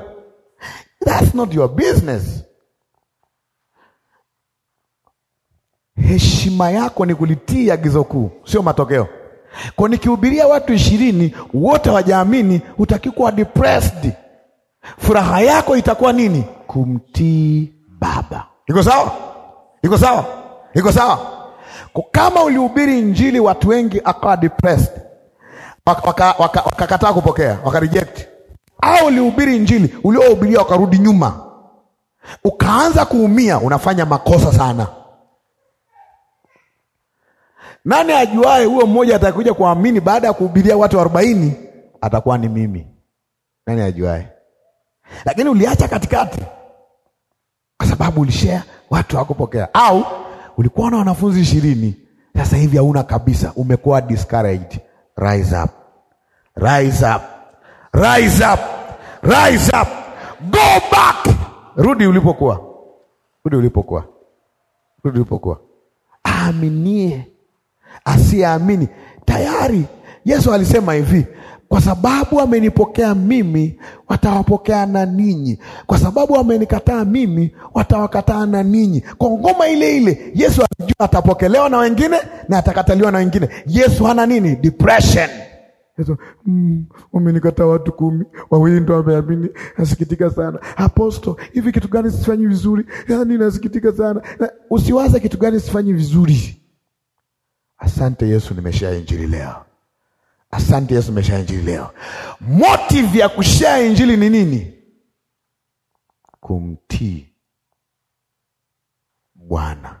That's not your business. Heshima yako ni kulitii agizo kuu, sio matokeo. Kwa nikihubiria watu ishirini wote wajaamini, utaki kuwa depressed. Furaha yako itakuwa nini? Kumtii Baba. Iko sawa? Iko sawa? Iko sawa? Kama ulihubiri injili watu wengi akawa depressed, wakakataa waka, waka, waka kupokea, wakareject, au ulihubiri injili uliohubiria wakarudi nyuma, ukaanza kuumia, unafanya makosa sana. Nani ajuae huyo mmoja atakuja kuamini baada ya kuhubiria watu arobaini atakuwa ni mimi? Nani ajuae? Lakini uliacha katikati kwa sababu ulishea watu hawakupokea au ulikuwa na wanafunzi ishirini, sasa hivi hauna kabisa, umekuwa discouraged. Rise up. Rise up. Rise up. Rise up. Go back. Rudi ulipokuwa, rudi ulipokuwa, rudi ulipokuwa. Aaminie asiyeamini tayari. Yesu alisema hivi, kwa sababu amenipokea mimi, watawapokea na ninyi. Kwa sababu amenikataa mimi, watawakataa na ninyi. Kwa ngoma ile ile, Yesu anajua atapokelewa na wengine na atakataliwa na wengine. Yesu hana nini? Depression. Yesu, mm, umenikataa watu kumi, wawili ndo wameamini. Nasikitika sana Aposto, hivi kitu gani sifanyi vizuri? yani nasikitika sana na, usiwaze kitu gani sifanyi vizuri. Asante Yesu, injili leo Asante Yesu, umesha injili leo. Motive ya kushea injili ni nini? Kumtii Bwana,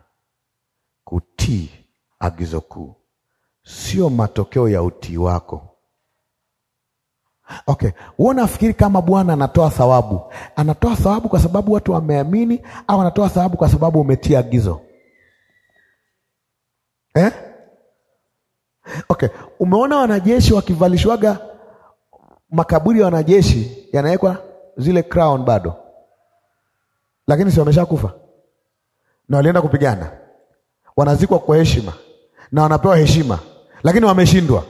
kutii agizo kuu, sio matokeo ya utii wako. Okay, huo nafikiri kama Bwana anatoa thawabu, anatoa thawabu kwa sababu watu wameamini, au anatoa thawabu kwa sababu umetii agizo eh? Okay, umeona wanajeshi wakivalishwaga makaburi ya wanajeshi yanawekwa zile crown bado, lakini si wameshakufa na walienda kupigana, wanazikwa kwa heshima na wanapewa heshima, lakini wameshindwa.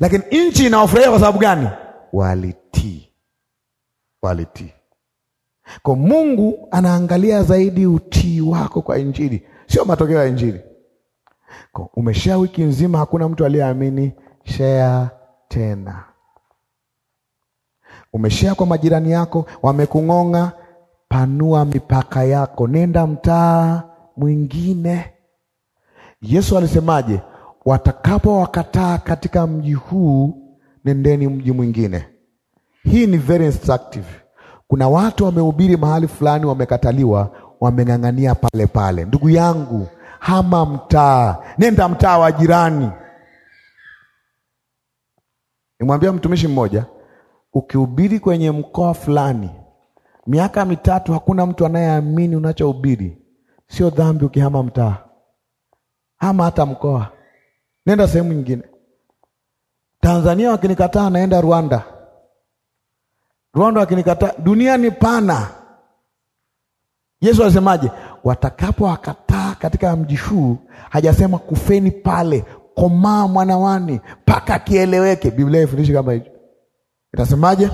Lakini nchi inawafurahia kwa sababu gani? Walitii, walitii. Kwa Mungu anaangalia zaidi utii wako kwa Injili, sio matokeo ya Injili. Umeshea wiki nzima, hakuna mtu aliyeamini, shea tena. Umeshea kwa majirani yako, wamekung'onga, panua mipaka yako, nenda mtaa mwingine. Yesu alisemaje? watakapo wakataa katika mji huu, nendeni mji mwingine. Hii ni very instructive. Kuna watu wamehubiri mahali fulani, wamekataliwa, wameng'ang'ania pale pale. Ndugu yangu hama mtaa, nenda mtaa wa jirani. Nimwambia mtumishi mmoja, ukihubiri kwenye mkoa fulani miaka mitatu, hakuna mtu anayeamini unachohubiri, sio dhambi ukihama mtaa, hama hata mkoa, nenda sehemu nyingine. Tanzania wakinikataa, naenda Rwanda. Rwanda wakinikataa, dunia ni pana. Yesu alisemaje? wakataa katika mji huu, hajasema kufeni pale, komaa mwanawani, mpaka kieleweke. Biblia haifundishi kama hicho. Itasemaje?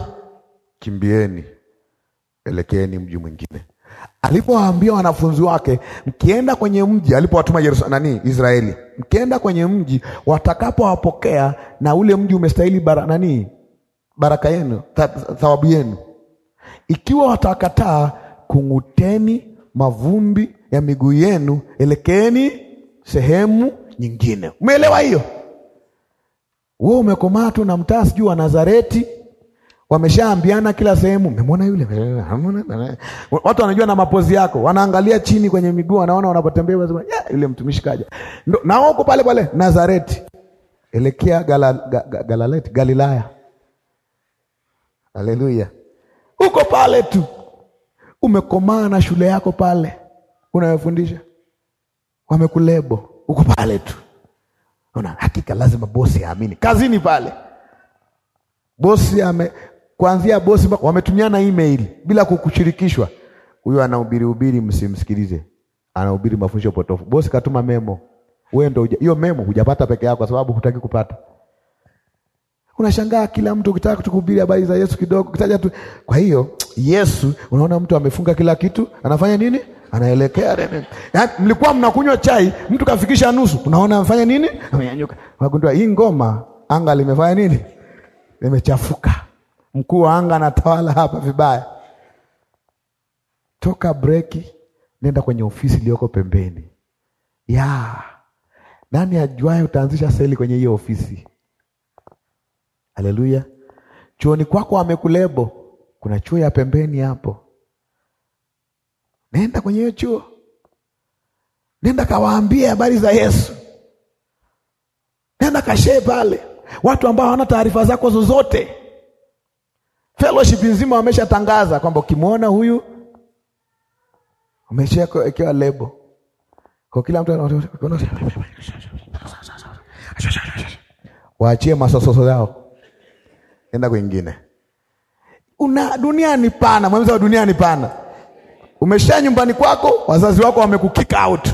Kimbieni, elekeeni mji mwingine. Alipowaambia wanafunzi wake, mkienda kwenye mji, alipowatuma nani, Israeli, mkienda kwenye mji watakapowapokea, na ule mji umestahili bara, nani, baraka yenu, thawabu yenu. Ikiwa watakataa, kung'uteni mavumbi ya miguu yenu, elekeni sehemu nyingine. Umeelewa hiyo? Wewe umekomaa tu na mtaa sijui wa Nazareti, wameshaambiana kila sehemu, umemwona yule, watu wanajua na mapozi yako, wanaangalia chini kwenye miguu, wanaona wanapotembea, wanasema yeah, yule mtumishi kaja. Na huko pale pale Nazareti, elekea Galaleti, Galilaya. Haleluya, pale tu umekomaa na shule yako pale, unayofundisha wamekulebo uko pale tu. Una hakika lazima bosi aamini kazini pale, bosi ame kuanzia bosi wametumiana email bila kukushirikishwa. Huyo anahubiri hubiri, msimsikilize, anahubiri mafundisho potofu. Bosi katuma memo, wewe ndio hiyo memo hujapata peke yako, kwa sababu hutaki kupata. Unashangaa kila mtu ukitaka tukuhubiri habari za Yesu kidogo kitaja tu. Kwa hiyo Yesu, unaona mtu amefunga kila kitu, anafanya nini? anaelekea Mlikuwa mnakunywa chai, mtu kafikisha nusu, unaona amfanya nini? Amenyanyuka. Wagundua hii ngoma, anga limefanya nini? Limechafuka. Mkuu wa anga anatawala hapa vibaya. Toka breki, nenda kwenye ofisi iliyoko pembeni ya nani ajuaye, utaanzisha seli kwenye hiyo ofisi. Haleluya! chuoni kwako amekulebo, kuna chuo ya pembeni hapo nenda kwenye hiyo chuo, nenda kawaambie habari za Yesu, nenda kashee pale watu ambao hawana taarifa zako zozote. Fellowship nzima wameshatangaza kwamba ukimwona huyu umeshaekewa lebo kwa kila mtu, waachie masososo yao, nenda kwingine. Una dunia ni pana, wa dunia ni pana. Umeshaa nyumbani kwako, wazazi wako wamekukick out.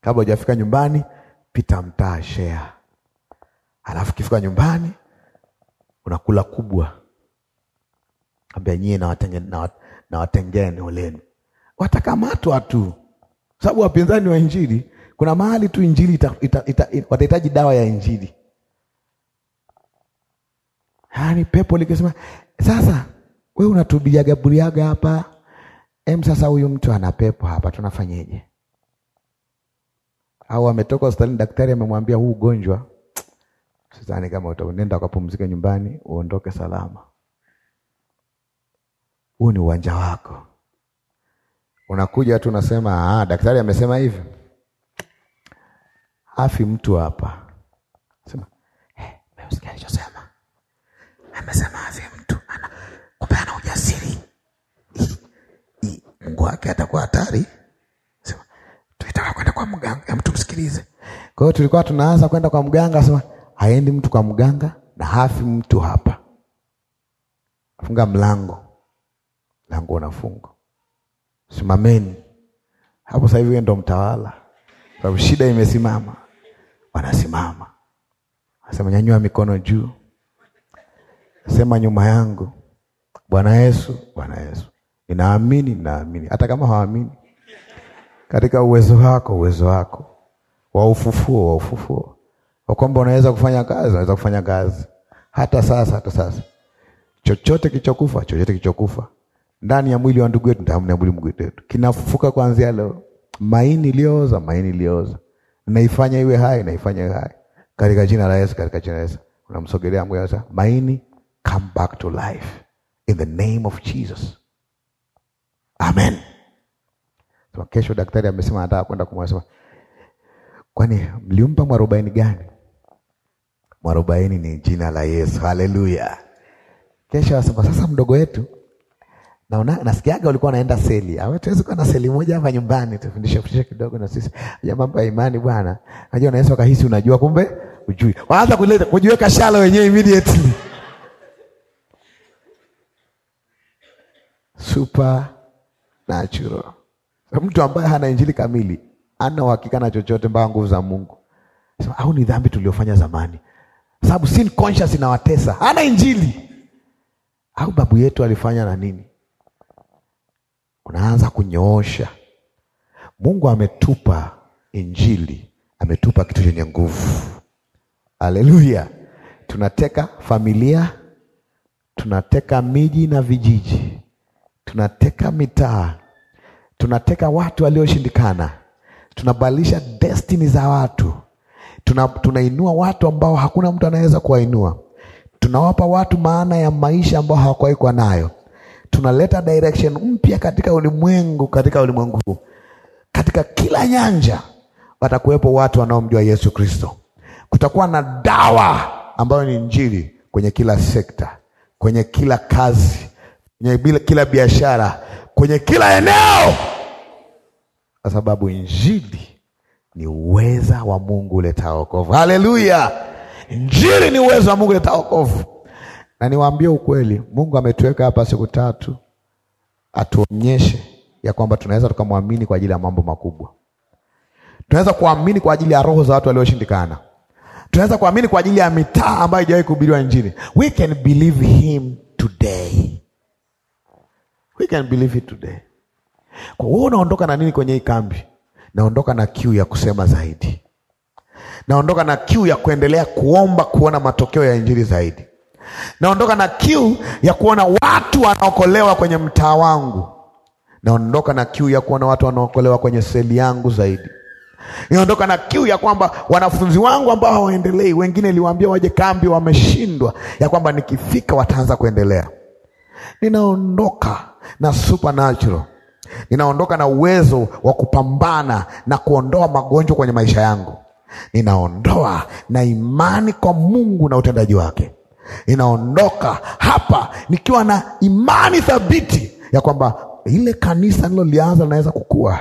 Kabla hujafika nyumbani, pita mtaa share, alafu kifika nyumbani unakula kubwa, ambia nyie nawatengea eneo lenu, watakamatwa tu, sababu wapinzani wa Injili. Kuna mahali tu Injili watahitaji dawa ya Injili. Yaani pepo likisema sasa, we unatubiaga buriaga hapa Em, sasa huyu mtu ana pepo hapa, tunafanyeje? Au ametoka hospitalini, daktari amemwambia huu ugonjwa, sidhani kama utaenda ukapumzika nyumbani uondoke salama. Huu ni uwanja wako, unakuja tu unasema, ah, daktari amesema hivi. Afi mtu hapa, sema hey, eh, msikia alichosema, amesema afi mtu ana, kumbe ujasiri Mungu wake atakuwa hatari. Tulitaka kwenda kwa mganga, msikilize. Kwa hiyo tulikuwa tunaanza kwenda kwa mganga, sema haendi mtu kwa mganga na hafi mtu hapa. Funga mlango, mlango unafungwa. simameni hapo. Sasa hivi ndo mtawala, sababu shida imesimama. Wanasimama asema, nyanyua mikono juu, sema nyuma yangu, Bwana Yesu, Bwana Yesu. Ninaamini, ninaamini hata kama hawaamini, katika uwezo wako, uwezo wako wa ufufuo, wa ufufuo wa kwamba unaweza kufanya kazi, unaweza kufanya kazi hata sasa, hata sasa, chochote kichokufa, chochote kichokufa ndani ya mwili wa ndugu yetu, ndani ya mwili mguu wetu kinafufuka kuanzia leo. Maini iliyooza, maini iliyooza, naifanya iwe hai, naifanya iwe hai katika jina la Yesu, katika jina la Yesu. Unamsogelea Mungu sasa, maini come back to life in the name of Jesus. Amen. Kwa kesho daktari amesema anataka kwenda kumwasema, kwani mlimpa mwarobaini gani? Mwarobaini ni jina la Yesu. Haleluya. Kesho asema, sasa mdogo wetu naona nasikiaga ulikuwa unaenda seli. Hawezi kuwa na seli moja hapa nyumbani, tufundishe fundishe kidogo na sisi. Haja mambo ya imani bwana. Unajua na Yesu akahisi unajua kumbe ujui. Waanza kuleta kujiweka shala wenyewe immediately. Super natural. Mtu ambaye hana injili kamili ana uhakika na chochote mbaya nguvu za Mungu. Sema, au ni dhambi tuliofanya zamani, sababu sin conscious inawatesa, hana injili. Au babu yetu alifanya na nini? Unaanza kunyoosha. Mungu ametupa injili, ametupa kitu chenye nguvu. Haleluya! Tunateka familia, tunateka miji na vijiji tunateka mitaa, tunateka watu walioshindikana, tunabadilisha destini za watu, tuna, tunainua watu ambao hakuna mtu anaweza kuwainua, tunawapa watu maana ya maisha ambao hawakuwahi kuwa nayo, tunaleta direction mpya katika ulimwengu, katika ulimwengu huu, katika kila nyanja watakuwepo watu wanaomjua Yesu Kristo. Kutakuwa na dawa ambayo ni Injili kwenye kila sekta, kwenye kila kazi kwenye kila biashara, kwenye kila eneo, kwa sababu injili ni uweza wa Mungu uleta wokovu. Haleluya! Injili ni uweza wa Mungu uleta wokovu. Na niwaambie ukweli, Mungu ametuweka hapa siku tatu atuonyeshe ya kwamba tunaweza tukamwamini kwa ajili ya mambo makubwa. Tunaweza kuamini kwa ajili ya roho za watu walioshindikana. Tunaweza kuamini kwa ajili ya mitaa ambayo haijawahi kuhubiriwa Injili. We can believe him today. We can believe it today. Kwa wewe unaondoka na nini kwenye hii kambi? Naondoka na kiu ya kusema zaidi. Naondoka na kiu ya kuendelea kuomba kuona matokeo ya injili zaidi. Naondoka na kiu ya kuona watu wanaokolewa kwenye mtaa wangu. Naondoka na kiu ya kuona watu wanaokolewa kwenye seli yangu zaidi. naondoka na kiu ya kwamba wanafunzi wangu ambao hawaendelei, wengine niliwaambia waje kambi, wameshindwa, ya kwamba nikifika wataanza kuendelea. Ninaondoka na supernatural. Ninaondoka na uwezo wa kupambana na kuondoa magonjwa kwenye maisha yangu. Ninaondoa na imani kwa Mungu na utendaji wake. Ninaondoka hapa nikiwa na imani thabiti ya kwamba ile kanisa nilolianza linaweza kukua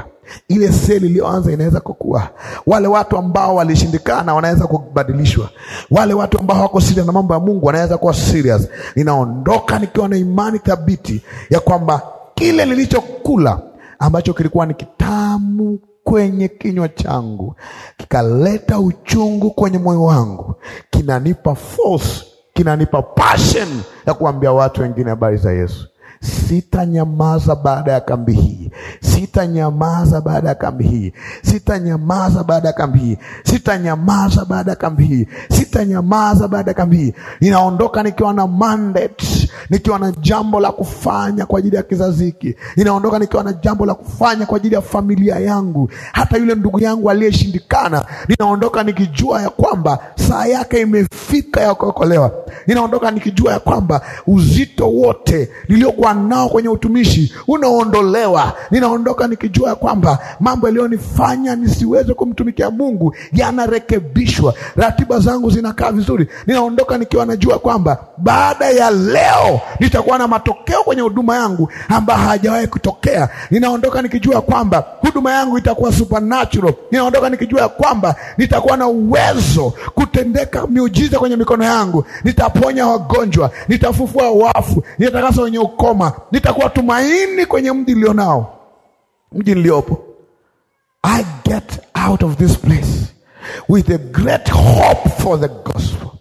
ile seli iliyoanza inaweza kukua. Wale watu ambao walishindikana wanaweza kubadilishwa. Wale watu ambao wako serious na mambo ya Mungu wanaweza kuwa serious. Ninaondoka nikiwa na imani thabiti ya kwamba kile nilichokula ambacho kilikuwa ni kitamu kwenye kinywa changu kikaleta uchungu kwenye moyo wangu, kinanipa force, kinanipa passion ya kuambia watu wengine habari za Yesu. Sitanyamaza baada ya kambi hii hii, sitanyamaza baada ya kambi hii, sitanyamaza baada ya kambi hii, sitanyamaza baada ya kambi hii, sitanyamaza baada ya kambi hii. Ninaondoka nikiwa na mandate, nikiwa na jambo la kufanya kwa ajili ya kizazi hiki. Ninaondoka nikiwa na jambo la kufanya kwa ajili ya familia yangu, hata yule ndugu yangu aliyeshindikana. Ninaondoka nikijua ya kwamba saa yake imefika ya kuokolewa. Ninaondoka nikijua ya kwamba uzito wote niliokuwa nao kwenye utumishi unaondolewa ninaondoka nikijua ya kwamba mambo yaliyonifanya nisiweze kumtumikia Mungu yanarekebishwa, ratiba zangu zinakaa vizuri. Ninaondoka nikiwa najua kwamba baada ya leo nitakuwa na matokeo kwenye huduma yangu ambayo hajawahi kutokea. Ninaondoka nikijua kwamba huduma yangu itakuwa supernatural. Ninaondoka nikijua ya kwamba nitakuwa na uwezo kutendeka miujiza kwenye mikono yangu, nitaponya wagonjwa, nitafufua wafu, nitakasa wenye ukoma, nitakuwa tumaini kwenye mji ulionao mji niliopo I get out of this place with a great hope for the gospel.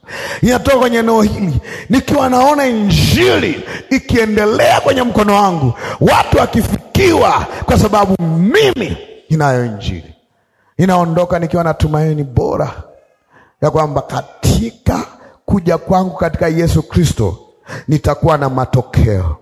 Inatoka kwenye eneo hili nikiwa naona injili ikiendelea kwenye mkono wangu, watu wakifikiwa, kwa sababu mimi ninayo injili. Inaondoka nikiwa na tumaini bora ya kwamba katika kuja kwangu katika Yesu Kristo nitakuwa na matokeo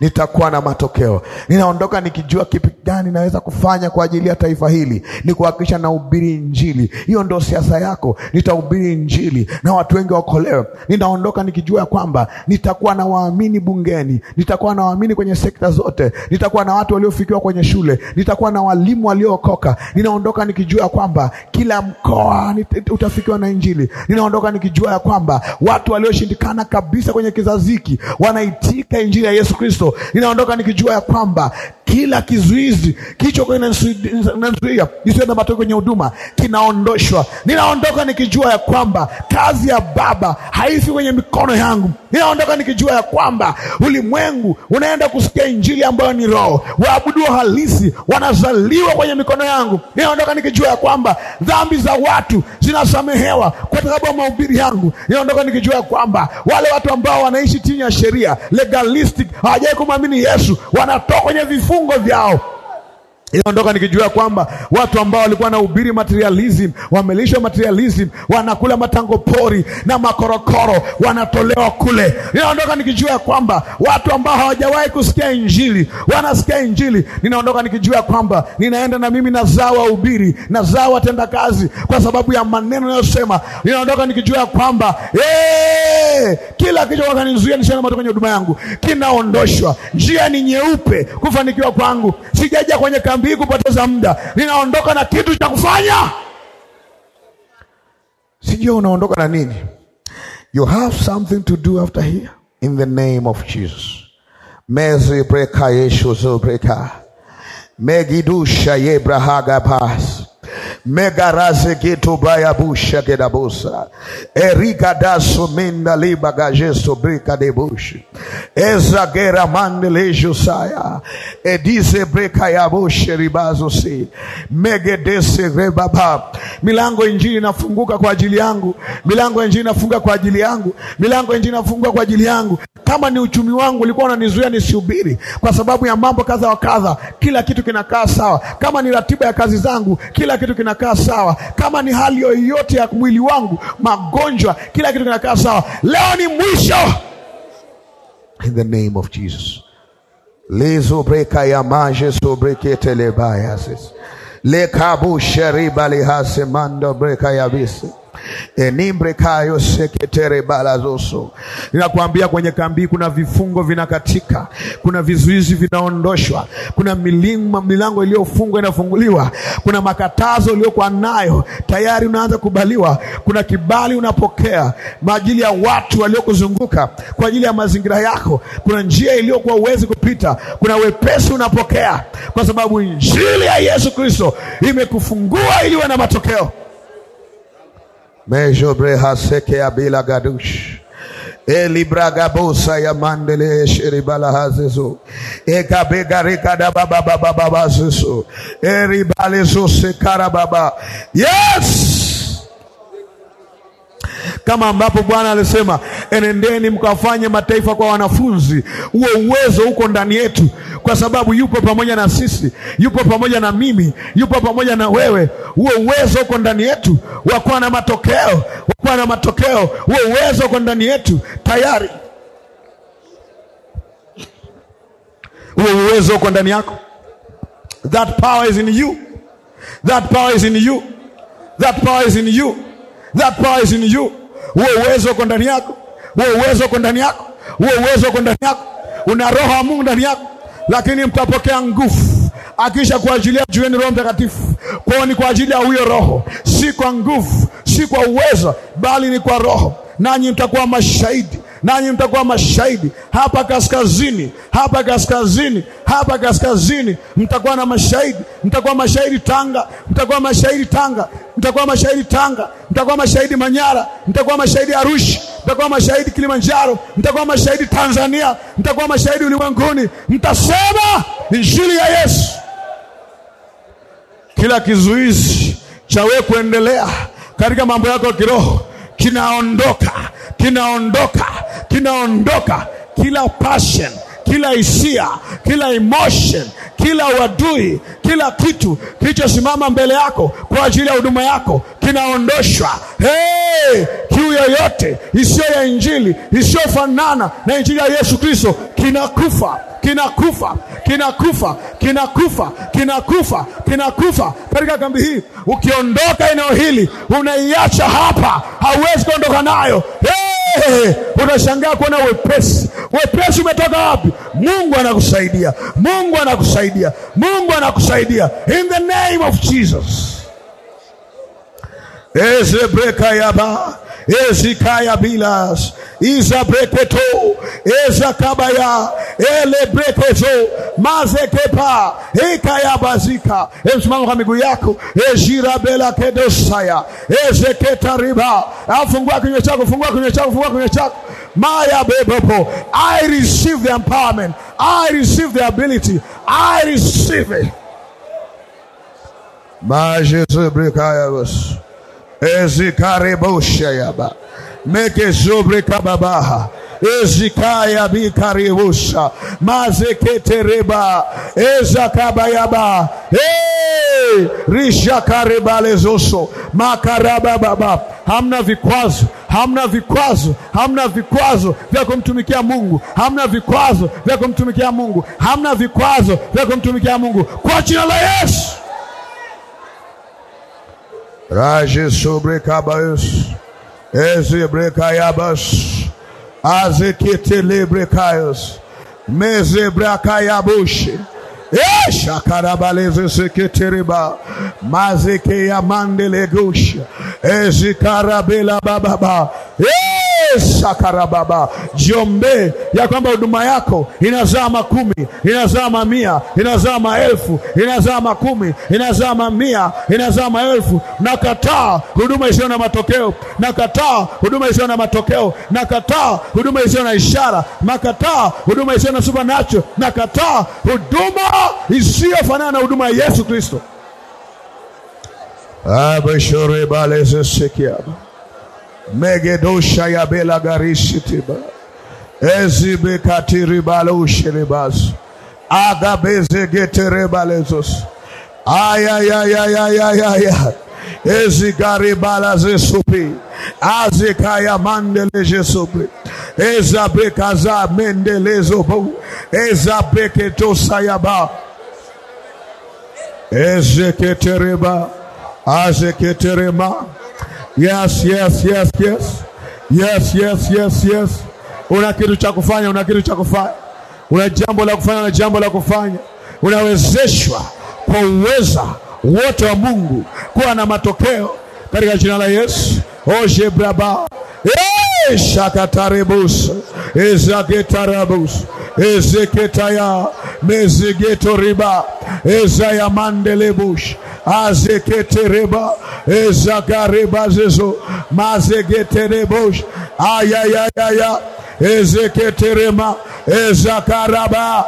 nitakuwa na matokeo. Ninaondoka nikijua kipi gani naweza kufanya kwa ajili ya taifa hili, ni kuhakikisha nahubiri Injili. Hiyo ndo siasa yako, nitahubiri Injili na watu wengi waokolewe. Ninaondoka nikijua ya kwamba nitakuwa na waamini bungeni, nitakuwa na waamini kwenye sekta zote, nitakuwa na watu waliofikiwa kwenye shule, nitakuwa na walimu waliookoka. Ninaondoka nikijua ya kwamba kila mkoa utafikiwa na Injili. Ninaondoka nikijua ya kwamba watu walioshindikana kabisa kwenye kizazi hiki wanaitika Injili ya Yesu Kristo kristo ninaondoka nikijua ya kwamba kila kizuizi kicho inanizuia isiwe na matokeo kwenye huduma kinaondoshwa. Ninaondoka nikijua ya kwamba kazi ya Baba haifi kwenye mikono yangu. Ninaondoka nikijua ya kwamba ulimwengu unaenda kusikia Injili ambayo ni Roho, waabudu halisi wanazaliwa kwenye mikono yangu. Ninaondoka nikijua ya kwamba dhambi za watu zinasamehewa kwa sababu ya mahubiri yangu. Ninaondoka nikijua ya kwamba wale watu ambao wanaishi chini ya sheria legalistic hawajawahi kumwamini Yesu wanatoka kwenye vifungo vyao inaondoka nikijua kwamba watu ambao walikuwa wanahubiri materialism wamelishwa materialism, wanakula matango pori na makorokoro, wanatolewa kule. Ninaondoka nikijua kwamba watu ambao hawajawahi kusikia injili wanasikia injili. Ninaondoka nikijua kwamba ninaenda na mimi nazaa wahubiri, nazaa watenda kazi kwa sababu ya maneno nayosema. Ninaondoka nikijua kwamba hey, kila kicho wakanizuia nisiona moto kwenye huduma yangu kinaondoshwa. Njia ni nyeupe kufanikiwa kwangu, sijaja kwenye halitambii kupoteza muda, linaondoka na kitu cha kufanya. Sijui unaondoka na nini. You have something to do after here in the name of Jesus. mezibreka yeshuzubreka megidusha yebrahagabas megarase busha breka megarazekitubayabushagedabusa erigadasominalibagajesobrekadebus ezageramandelejosaya edizebrekayabosheribazose megedeserebaba breka ya ribazo si rebaba milango injili inafunguka kwa ajili yangu, milango ya injili inafunguka kwa ajili yangu, milango ya injili inafunguka kwa ajili yangu. Kama ni uchumi wangu ulikuwa unanizuia nisihubiri kwa sababu ya mambo kadha wa kadha, kila kitu kinakaa sawa. Kama ni ratiba ya kazi zangu, kila kitu kina kinakaa sawa. Kama ni hali yoyote ya mwili wangu, magonjwa, kila kitu kinakaa sawa. Leo ni mwisho, in the name of Jesus lezobrekayamashe sobreketelebaya lekabusheribalihase mando breka ya yabisi enimbrekayo seketere balazoso. Ninakwambia kwenye kambi kuna vifungo vinakatika, kuna vizuizi vinaondoshwa, kuna milima, milango iliyofungwa inafunguliwa, kuna makatazo uliokuwa nayo tayari unaanza kubaliwa, kuna kibali unapokea kwa ajili ya watu waliokuzunguka, kwa ajili ya mazingira yako, kuna njia iliyokuwa uwezi kupita, kuna wepesi unapokea, kwa sababu injili ya Yesu Kristo imekufungua iliwe na matokeo mejobre haseke abila gadush elibragabosa ya mandele shiribalahazizo ekabegarekadababababababasiso eribalizose karababa yes kama ambapo Bwana alisema, enendeni mkafanye mataifa kwa wanafunzi. Huo uwezo uko ndani yetu, kwa sababu yupo pamoja na sisi, yupo pamoja na mimi, yupo pamoja na wewe. Huo uwezo uko ndani yetu wa kuwa na matokeo, wa kuwa na matokeo. Huo uwezo uko ndani yetu tayari, huo uwezo uko ndani yako. That power is in you. That power is in you. That power is in you. That power is in you. Huo uwezo uko ndani yako, huo uwezo uko ndani yako, huo uwezo uko ndani yako. Una roho wa Mungu ndani yako, lakini mtapokea nguvu akiisha kuajilia jueni Roho Mtakatifu. Kwao ni kwa ajili ya huyo Roho, si kwa nguvu, si kwa uwezo, bali ni kwa Roho, nanyi mtakuwa mashahidi nanyi mtakuwa mashahidi hapa kaskazini, hapa kaskazini, hapa kaskazini. Mtakuwa na mashahidi, mtakuwa mashahidi Tanga, mtakuwa mashahidi Tanga, mtakuwa mashahidi Tanga, mtakuwa mashahidi Manyara, mtakuwa mashahidi Arusha, mtakuwa mashahidi Kilimanjaro, mtakuwa mashahidi Tanzania, mtakuwa mashahidi ulimwenguni. Mtasema injili ya Yesu. Kila kizuizi cha wewe kuendelea katika mambo yako kiroho kinaondoka, kinaondoka kinaondoka, kila passion, kila hisia, kila emotion, kila uadui, kila kitu kilichosimama mbele yako kwa ajili ya huduma yako kinaondoshwa. Hey, kiu yoyote isiyo ya Injili isiyofanana na Injili ya Yesu Kristo kinakufa kinakufa kinakufa kinakufa kinakufa kinakufa katika kambi hii. Ukiondoka eneo hili, unaiacha hapa, hauwezi kuondoka nayo. Hey! Hey, unashangaa kuona wepesi. Wepesi umetoka wapi? Mungu anakusaidia, Mungu anakusaidia, Mungu anakusaidia in the name of Jesus. ezebreka yaba ezikaya bilas iza breketo eza kabaya mazekepa ikayabazika emsimama kwa miguu yako ejira kedosaya ezeketa afungua ah, kinywa chako fungua kinywa chako fungua kinywa chako maya bebopo i receive the empowerment i receive the ability i receive it majezebrekayabas yaba mekezobrekababaha ezikaya bikarebusha mazeketereba ezakabayaba hey! rishakarebalezoso makarabababa hamna vikwazo hamna vikwazo hamna vikwazo vya kumtumikia Mungu, hamna vikwazo vya kumtumikia Mungu, hamna vikwazo vya kumtumikia Mungu kwa jina la Yesu raji sobrekabas ezebrekayabas azekitelebrekayas mezebrakayabushi shakarabalezesiketereba mazekeyamandelegush ezikarabela bababa e eshakarababa. Jiombe ya kwamba huduma yako inazaa makumi, inazaa mamia, inazaa maelfu, inazaa makumi, inazaa mamia, inazaa maelfu. Nakataa huduma isiyo na matokeo, nakataa huduma isiyo na matokeo, nakataa huduma isiyo na ishara, nakataa huduma isiyo na supernatural, nakataa huduma isiyofanana na huduma ya Yesu Kristo. abashorebalezesekiaba ah, megedosha ya bela garishitiba ezibekatiribalosherebazo agabezegeterebalezos ayayayayayaya ezigaribalazesupi azikayamandelejesupi ezabekaza mendelezobo ezabeketosayaba ezeketereba azeketerema Yes, yes, yes, yes. Yes, yes, yes, yes. Una kitu cha kufanya, una kitu cha kufanya, una jambo la kufanya, una jambo la kufanya. Unawezeshwa kwa uweza wote wa Mungu kuwa na matokeo katika jina la Yesu. ojebraba Hey! shakataribus ezagetarabus ezeketaya mezigetoriba ezayamandelebus azeketereba ezagarebazezo mazegeterebus ayayayaya ezeketerema ezakaraba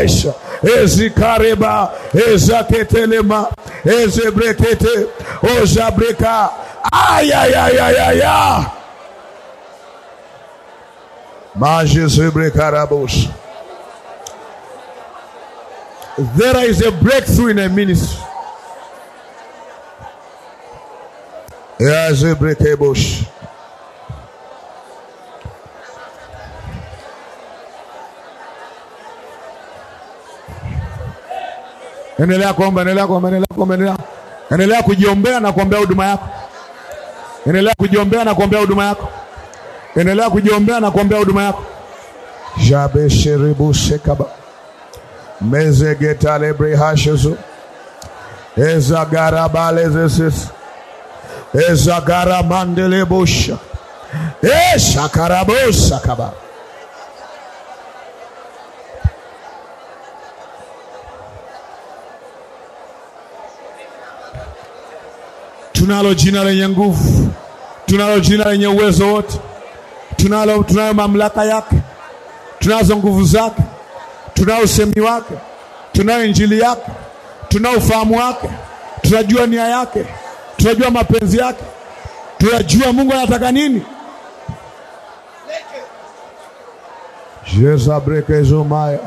esha ezikareba ezaketelema ezebrekete ozabreka ayayayayaya There is a breakthrough in a ministry. Endelea kuomba, endelea kuomba, endelea kuomba, endelea. Endelea kujiombea na kuombea huduma yako. Endelea kujiombea na kuombea huduma yako. Endelea kujiombea na kuombea huduma yako. jabesheribushekaba mezegetalebrehasezo ezagarabalezesesi ezagaramandelebosha eshakarabosakaba Tunalo jina lenye nguvu, tunalo jina lenye uwezo wote tunalo, tunayo mamlaka yake, tunazo nguvu zake, tunayo usemi wake, tunayo injili yake, tunao ufahamu wake, tunajua nia yake, tunajua mapenzi yake, tunajua Mungu anataka nini. jeza brekezomaya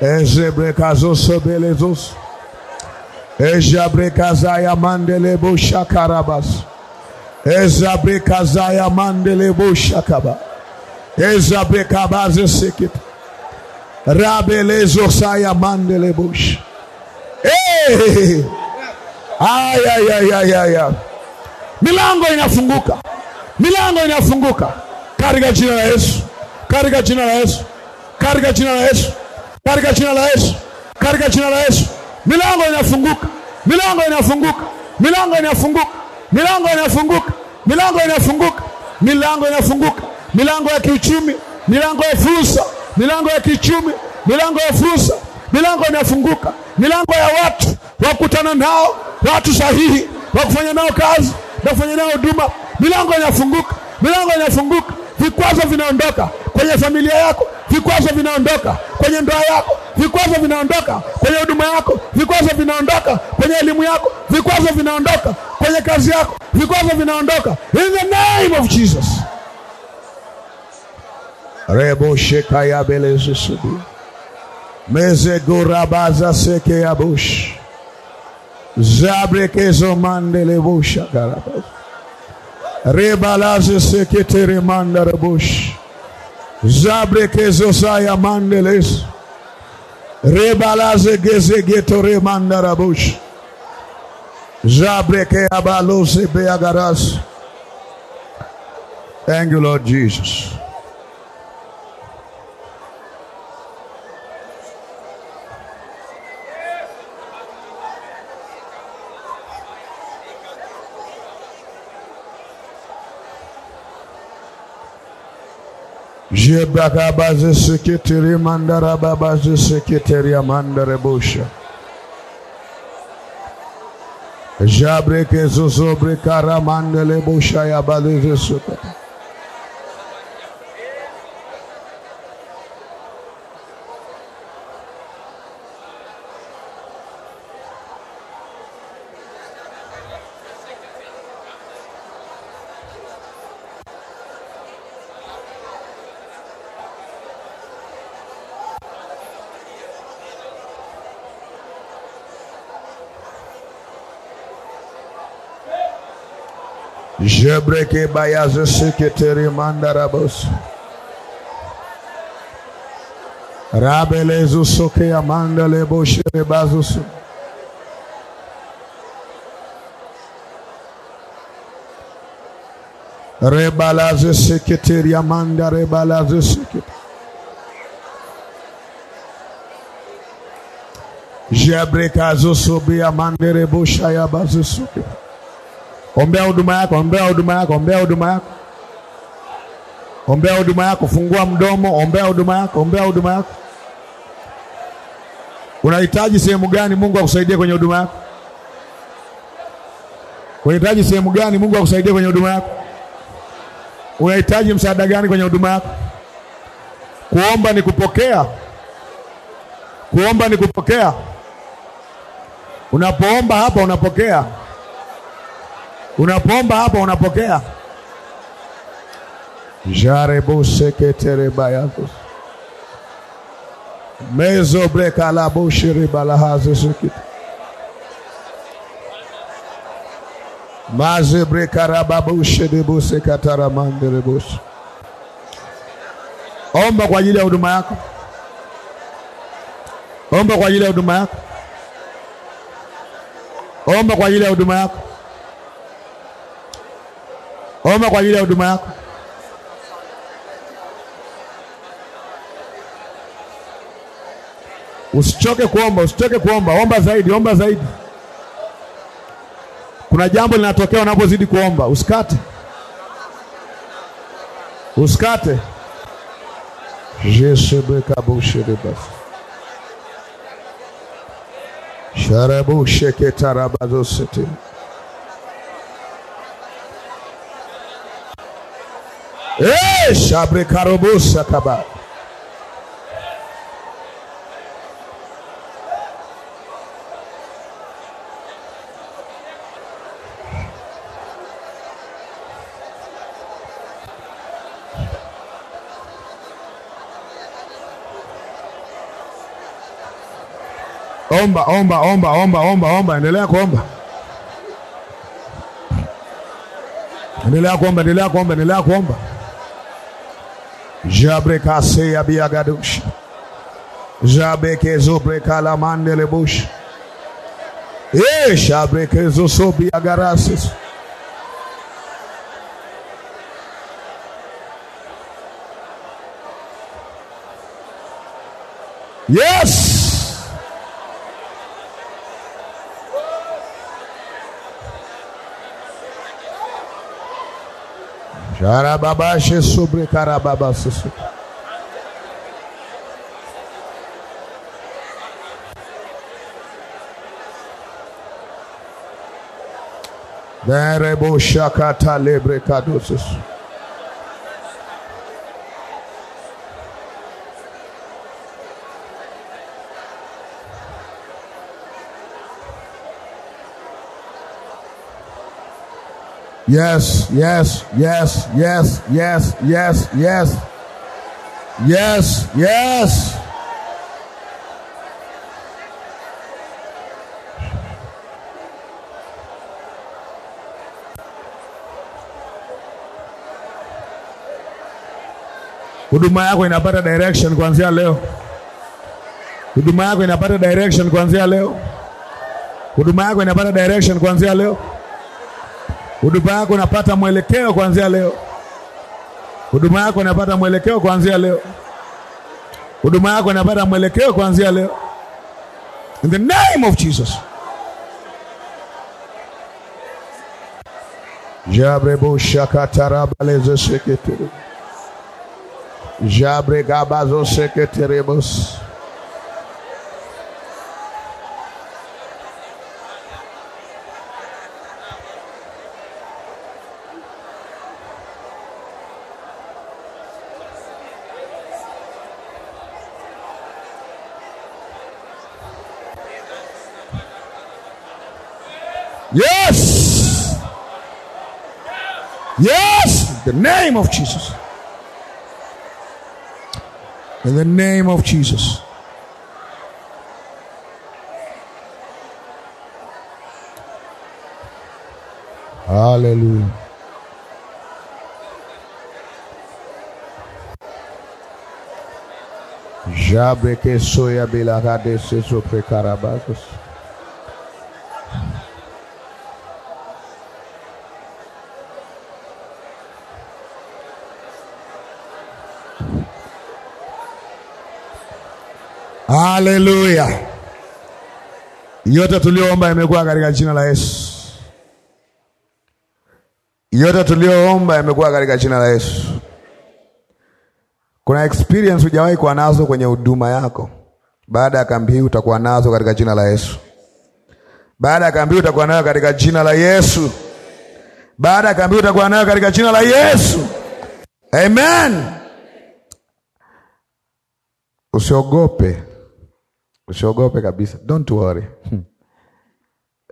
ezebrekazosebelezos ejabrekazayamandeleboshakarabas ezabrikazaya mandeleboshakaba ezabekabazesekita rabelezosaya ayayayayaya milango inafunguka milango inafunguka katika jina la Yesu katika jina la Yesu katika jina la Yesu katika jina la Yesu katika jina la Yesu milango inafunguka milango inafunguka milango inafunguka milango inafunguka, milango inafunguka, milango inafunguka, milango ya kiuchumi, milango ya fursa, milango ya kiuchumi, milango ya fursa, milango inafunguka, milango ya watu wakutana nao, watu sahihi wa kufanya nao kazi na kufanya nao huduma. Milango inafunguka, milango inafunguka, vikwazo vinaondoka kwenye familia yako vikwazo vinaondoka kwenye ndoa yako, vikwazo vinaondoka kwenye huduma yako, vikwazo vinaondoka kwenye elimu yako, vikwazo vinaondoka kwenye kazi yako, vikwazo vinaondoka in the name of Jesus. reboshekayabelezusudu mezegorabaza seke ya bush zabrekezo mandelebushakaraba rebalaze seketeremandarabush Zabrekezosaya mandeles. Rebalaze getore mandarabush. Zabreke abalose beagaras. Thank you, Lord Jesus. Jebagabaze seketeri mandara babaze seketeri amandare busha. Jabre ke zozobre karamandele busha ya balize seketeri. Jebreke bayaze seketeri mandarabos. Rabelezu soke amanda lebo sherebazus. Rebalaze seketeri amanda rebalaze seketeri. Jebrekazo sobe amanda rebo shayabazus. Jebrekazo sobe amanda Ombea huduma yako, ombea huduma yako, ombea huduma yako, ombea huduma yako. Fungua mdomo, ombea huduma yako, ombea huduma yako. Unahitaji sehemu gani Mungu akusaidie kwenye huduma yako? Unahitaji sehemu gani Mungu akusaidie kwenye huduma yako? Unahitaji msaada gani kwenye huduma yako? Kuomba ni kupokea, kuomba ni kupokea. Unapoomba hapa unapokea. Unapoomba hapa unapokea. jarebuseketerebayao mezobrekalaboshiribalahazisukit mazebrekarababushedebusekataramaderebus omba kwa ajili ya huduma yako, omba kwa ajili ya huduma yako, omba kwa ajili ya huduma yako. Omba kwa ajili ya huduma yako. Usichoke kuomba, usichoke kuomba, omba zaidi, omba zaidi. Kuna jambo linatokea unapozidi kuomba, usikate, usikate. Jeshebekabusherebas sharabusheketarabazoset Eh, shabrekarabosa kaba Omba, omba, omba, omba, omba, omba, endelea kuomba, endelea kuomba, endelea kuomba, endelea kuomba. ya abiagadush. Jabeke zobreka la mandele bush. E eh, shabreke zosobi Yes. Carababa sobre carababaxe. Derebo shakata lebre caduces. Yes, yes, yes, yes, yes, yes, yes. Yes, yes. Huduma yako inapata direction kuanzia leo. Huduma yako inapata direction kuanzia leo. Huduma yako inapata direction kuanzia leo. Huduma yako unapata mwelekeo kuanzia leo. Huduma yako inapata mwelekeo kuanzia leo. Huduma yako inapata mwelekeo kuanzia leo. In the name of Jesus. Jabrebo shakatarabalezeseketere. Jabre gabazoseketerebos. Yes. Yes. In the name of Jesus. In the name of Jesus. Hallelujah. Jabre que soya bilagade se sopre carabacos. Haleluya! Yote tulioomba yamekuwa katika jina la Yesu. Yote tulioomba yamekuwa katika jina la Yesu. Kuna experience hujawahi kuwa nazo kwenye huduma yako, baada ya kambi hii utakuwa nazo katika jina la Yesu. Baada ya kambi utakuwa nayo katika jina la Yesu. Baada ya kambi utakuwa nayo katika jina la Yesu. Amen. Usiogope. Usiogope kabisa. Don't worry. Hmm.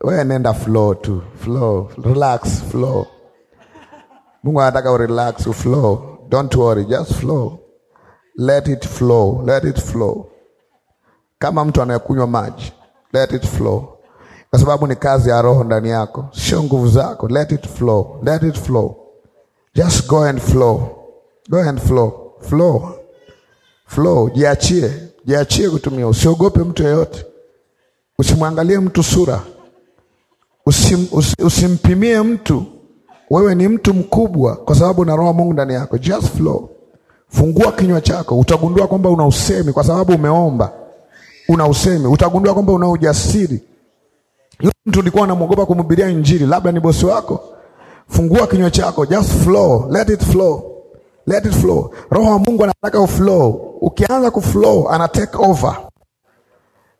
Wewe nenda flow tu. Flow. Relax, flow. Mungu anataka urelax, uflow. Don't worry, just flow. Let it flow. Let it flow. Kama mtu anayekunywa maji, let it flow. Kwa sababu ni kazi ya Roho ndani yako, sio nguvu zako. Let it flow. Let it flow. Just go and flow. Go and flow. Flow. Flow. Jiachie. Jiachie kutumia, usiogope mtu yeyote, usimwangalie mtu sura, usim, us, usimpimie mtu. Wewe ni mtu mkubwa kwa sababu na roho Mungu ndani yako. Just flow. Fungua kinywa chako, utagundua kwamba una usemi kwa sababu umeomba. Una usemi, utagundua kwamba una ujasiri. Yule mtu ulikuwa unamwogopa kumhubiria Injili, labda ni bosi wako. Fungua kinywa chako, just flow, let it flow. Let it flow. Roho wa Mungu anataka uflow. Ukianza kuflow ana take over.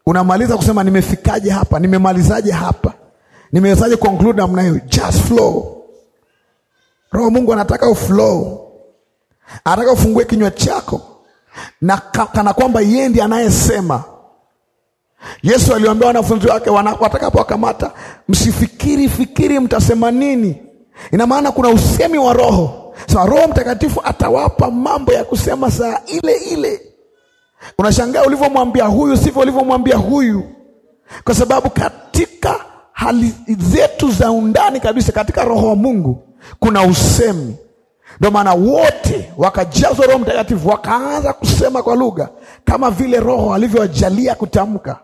Unamaliza kusema nimefikaje hapa, nimemalizaje hapa, nimewezaje conclude namna hiyo. Just flow. Roho Mungu anataka uflow, anataka ufungue kinywa chako na kana kwamba yeye ndiye anayesema. Yesu aliwaambia wanafunzi wake watakapowakamata, msifikiri fikiri mtasema nini. Ina maana kuna usemi wa Roho sema Roho Mtakatifu atawapa mambo ya kusema saa ile ile. Unashangaa ulivyomwambia huyu sivyo ulivyomwambia huyu, kwa sababu katika hali zetu za undani kabisa, katika roho wa Mungu kuna usemi. Ndio maana wote wakajazwa Roho Mtakatifu wakaanza kusema kwa lugha kama vile Roho alivyowajalia kutamka.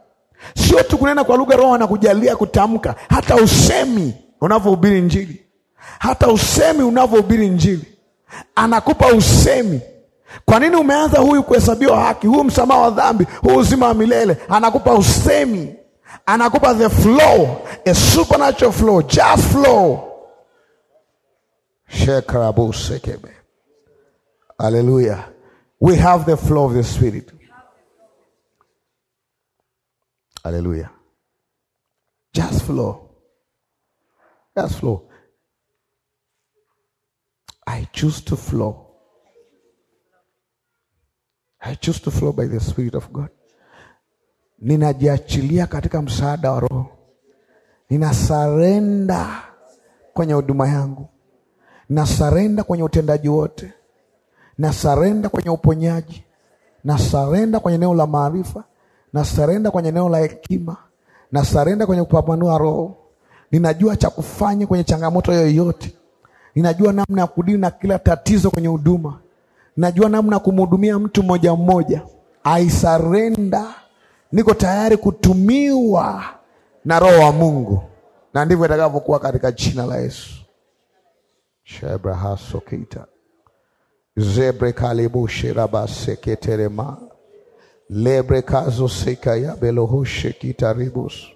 Sio tu kunena kwa lugha, Roho anakujalia kutamka hata usemi unavyohubiri Injili hata usemi unavyohubiri Injili, anakupa usemi. Kwa nini umeanza huyu kuhesabiwa haki, huu msamaha wa dhambi, huu uzima wa milele? Anakupa usemi, anakupa the flow, a supernatural flow, just flow. Shekarabusekebe, haleluya. We have the flow of the spirit, haleluya. Just flow, just flow I choose to flow. I choose to flow by the Spirit of God. Ninajiachilia katika msaada wa Roho. Ninasarenda kwenye huduma yangu, nasarenda kwenye utendaji wote, nasarenda kwenye uponyaji, nasarenda kwenye eneo la maarifa, nasarenda kwenye eneo la hekima, nasarenda kwenye kupambanua roho. Ninajua cha kufanya kwenye changamoto yoyote ninajua namna ya kudili na kila tatizo kwenye huduma, najua namna ya kumhudumia mtu mmoja mmoja. I surrender, niko tayari kutumiwa na Roho wa Mungu, na ndivyo itakavyokuwa katika jina la Yesu. shebrahasokita zebrekalibusherabaseketerema lebrekazosekayabelhushekitaribusu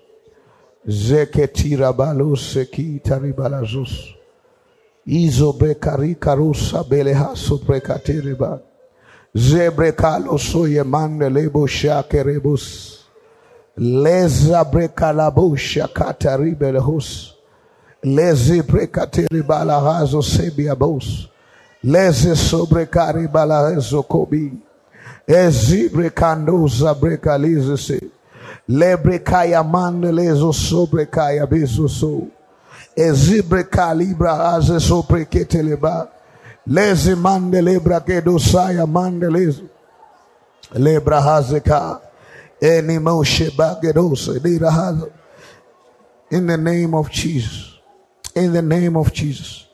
zeketirabalusekitaribalazuz izo brekarika rusa belehaso brekatereba zebrekaloso yemande leboshakerebus leza brekalabusha kataribelehus lezi brekateribalahazo sebiabos leze sobrekaribalahezo kobi ezibrekandoza brekalizese lebrekayamande lezo sobrekaya bezoso ezibre kalibra aze sopre keteleba lezi mande lebra kedosaya mande lezi lebra hazeka eni moshe bagedose dira hazo in the name of Jesus in the name of Jesus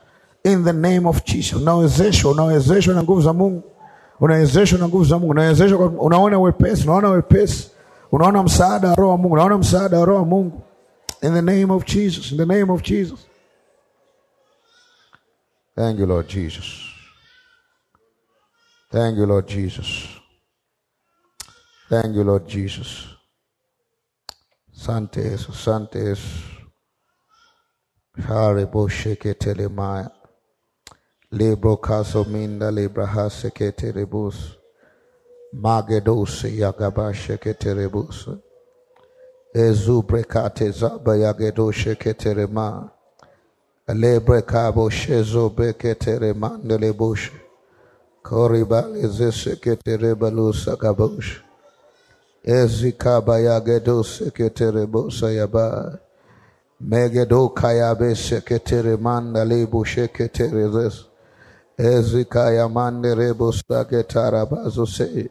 in the name of Jesus unawezeshwa unawezeshwa na nguvu za Mungu unawezeshwa na nguvu za Mungu unawezeshwa unaona wepesi unaona wepesi unaona msaada wa roho wa Mungu unaona msaada wa roho wa Mungu In the name of Jesus. In the name of Jesus. Thank you, Lord Jesus. Thank you, Lord Jesus. Thank you, Lord Jesus. Sante Yesu, Sante Yesu. Haribo shekete lemaya. Libro caso minda libra hasekete rebus. Magedose yagaba shekete rebus. ezubrekate zabayagedosheketerema lebrekaboshezobeketerema ndeleboshe koribalezeseketerebalusakabosh ezikabayagedoseketerebosayaba megedokayabeseketeremandalebosheketerezes ezikayamanderebosaketarabazo sei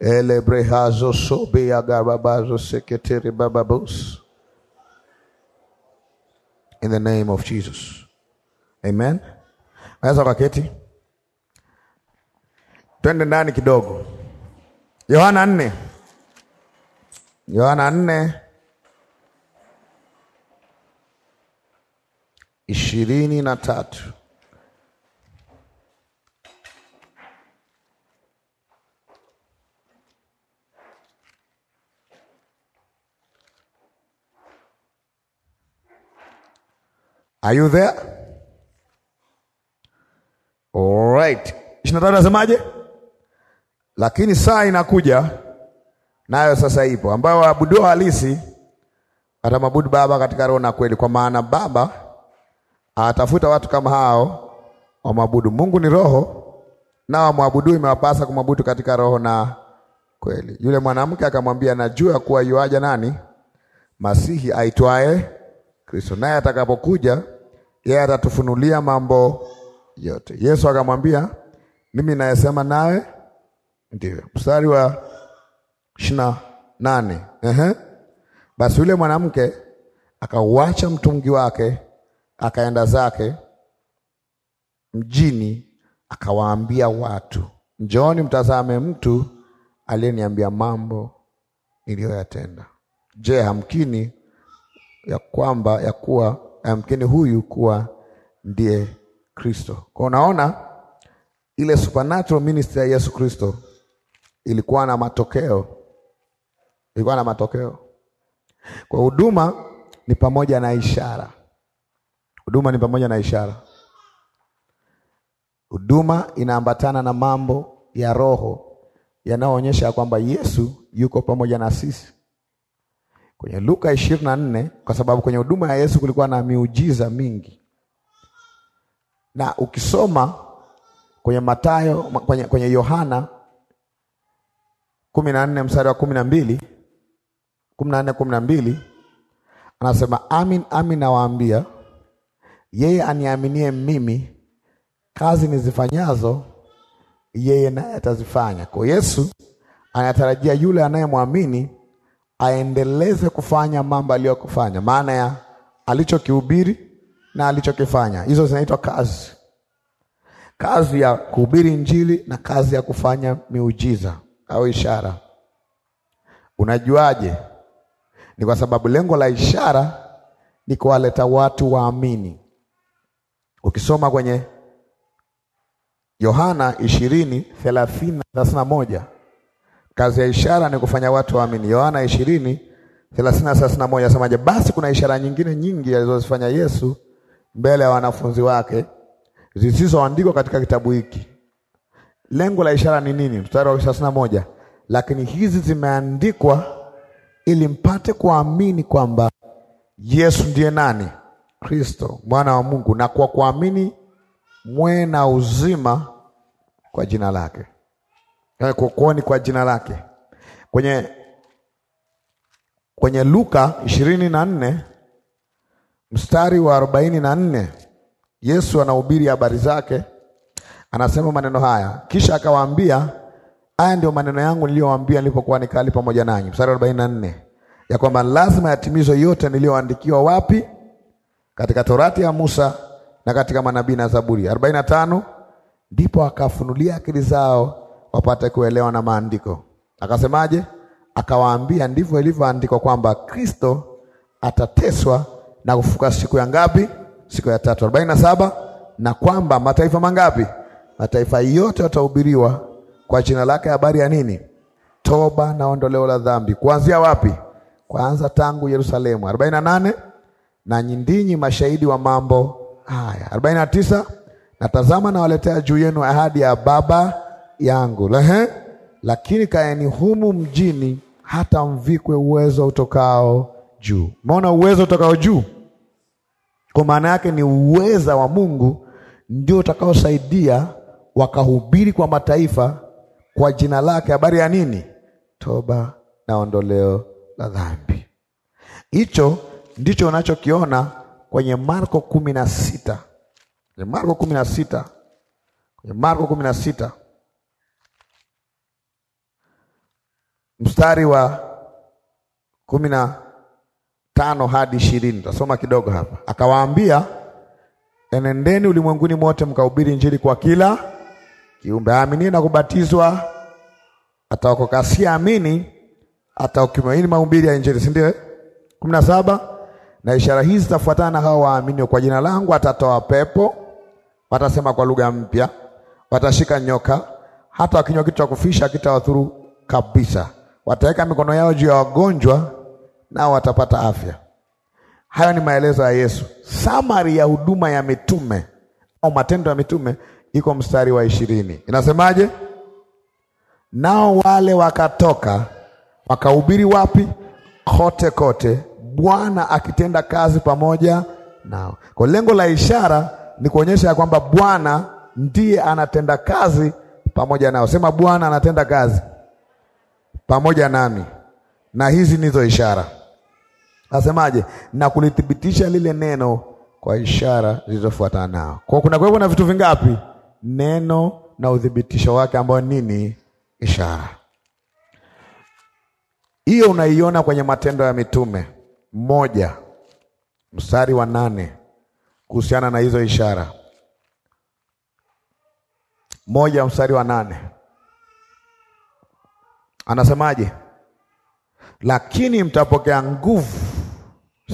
elebrehazo sobeagababazo seketeri bababos in the name of Jesus amen naweza kaketi twende ndani kidogo Yohana nne Yohana nne ishirini na tatu Are you there? Alright. Ishirini na tatu nasemaje? Lakini saa inakuja nayo sasa ipo, ambayo waabudua halisi watamwabudu Baba katika roho na kweli, kwa maana Baba atafuta watu kama hao wamwabudu. Mungu ni roho, na wamwabudu imewapasa kumwabudu katika roho na kweli. Yule mwanamke akamwambia, najua kuwa yuaja nani Masihi aitwaye Kristo naye atakapokuja yeye atatufunulia mambo yote. Yesu akamwambia, mimi nayesema nawe ndio. Mstari wa ishirini na nane. Ehe. Basi yule mwanamke akauacha mtungi wake akaenda zake mjini, akawaambia watu, njooni mtazame mtu aliyeniambia mambo niliyoyatenda. Je, hamkini ya kwamba ya kuwa amkini huyu kuwa ndiye Kristo. Kwa unaona ile supernatural ministry ya Yesu Kristo ilikuwa na matokeo, ilikuwa na matokeo. Kwa huduma ni pamoja na ishara, huduma ni pamoja na ishara. Huduma inaambatana na mambo ya roho yanayoonyesha kwamba Yesu yuko pamoja na sisi kwenye Luka ishirini na nne kwa sababu kwenye huduma ya Yesu kulikuwa na miujiza mingi, na ukisoma kwenye Mathayo, kwenye, kwenye Yohana kumi na nne mstari wa kumi na mbili kumi na nne kumi na mbili anasema amin, amin nawaambia, yeye aniaminie mimi, kazi nizifanyazo yeye naye atazifanya. Kwa Yesu anatarajia yule anayemwamini aendeleze kufanya mambo aliyokufanya, maana ya alichokihubiri na alichokifanya. Hizo zinaitwa kazi, kazi ya kuhubiri Injili na kazi ya kufanya miujiza au ishara. Unajuaje? Ni kwa sababu lengo la ishara ni kuwaleta watu waamini. Ukisoma kwenye Yohana ishirini thelathini na thelathini na moja Kazi ya ishara ni kufanya watu waamini. Yohana ishirini thelathini 31 thelathini Basi kuna ishara nyingine nyingi alizozifanya Yesu mbele ya wanafunzi wake zisizoandikwa katika kitabu hiki. Lengo la ishara ni nini? Mstari wa 31, lakini hizi zimeandikwa ili mpate kuamini kwa kwamba Yesu ndiye nani? Kristo mwana wa Mungu, na kwa kuamini mwe na uzima kwa jina lake. Eh, kuokoni kwa jina lake. Kwenye kwenye Luka ishirini na nne mstari wa arobaini na nne Yesu anahubiri habari zake, anasema maneno haya, kisha akawaambia, haya ndio maneno yangu niliyowaambia nilipokuwa nikali pamoja nanyi. Mstari wa arobaini na nne ya kwamba lazima yatimizwe yote niliyoandikiwa. Wapi? Katika Torati ya Musa na katika manabii na Zaburi. arobaini na tano ndipo akafunulia akili zao wapate kuelewa na maandiko. Akasemaje? Akawaambia, ndivyo ilivyoandikwa kwamba Kristo atateswa na kufuka siku ya ngapi? Siku ya tatu, arobaini na saba, na kwamba mataifa mangapi? Mataifa yote watahubiriwa kwa jina lake habari ya nini? Toba na ondoleo la dhambi. Kuanzia wapi? Kwanza tangu Yerusalemu. arobaini na nane, na nyindinyi mashahidi wa mambo haya. arobaini na tisa, natazama nawaletea juu yenu ahadi ya Baba yangu Lehe. Lakini kaeni humu mjini hata mvikwe uwezo utokao juu. Maona uwezo utokao juu kwa maana yake ni uweza wa Mungu ndio utakaosaidia wakahubiri kwa mataifa kwa jina lake habari ya nini? Toba na ondoleo la dhambi. Hicho ndicho unachokiona kwenye Marko kumi na sita, kwenye Marko kumi na sita, kwenye Marko kumi na sita mstari wa kumi na tano hadi ishirini. Tasoma kidogo hapa. Akawaambia, enendeni ulimwenguni mote mkahubiri Injili kwa kila kiumbe. Aamini na kubatizwa ataokoka, asiamini atahukumiwa. Hii ni mahubiri ya Injili, si ndio? Eh? kumi na saba na ishara hizi zitafuatana na hao waamini kwa jina langu atatoa pepo, watasema kwa lugha mpya, watashika nyoka, hata wakinywa kitu cha kufisha kitawadhuru kabisa wataweka mikono yao juu ya wagonjwa nao watapata afya. Hayo ni maelezo ya Yesu. Samari ya huduma ya mitume au matendo ya mitume iko mstari wa ishirini, inasemaje? Nao wale wakatoka wakahubiri wapi? Kote kote, Bwana akitenda kazi pamoja nao. Kwa lengo la ishara ni kuonyesha ya kwamba Bwana ndiye anatenda kazi pamoja nao. Sema Bwana anatenda kazi pamoja nami, na hizi nizo ishara. Asemaje? na kulithibitisha lile neno kwa ishara zilizofuatana nao. Kwa kuna kuwepo na vitu vingapi? Neno na udhibitisho wake ambao nini? Ishara. Hiyo unaiona kwenye Matendo ya Mitume moja mstari wa nane kuhusiana na hizo ishara. Moja mstari wa nane. Anasemaje? Lakini mtapokea nguvu.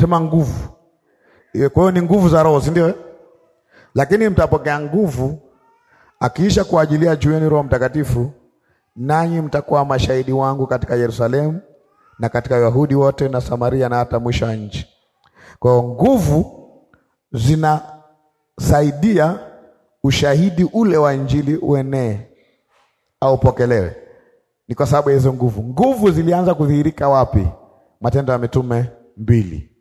Sema nguvu. Kwa hiyo ni nguvu za Roho, si ndio? Eh? Lakini mtapokea nguvu akiisha kuajilia juu yenu Roho Mtakatifu, nanyi mtakuwa mashahidi wangu katika Yerusalemu na katika Yahudi wote na Samaria na hata mwisho wa nchi. Kwa hiyo nguvu zinasaidia ushahidi ule wa injili uenee au upokelewe ni kwa sababu ya hizo nguvu. Nguvu zilianza kudhihirika wapi? Matendo ya Mitume mbili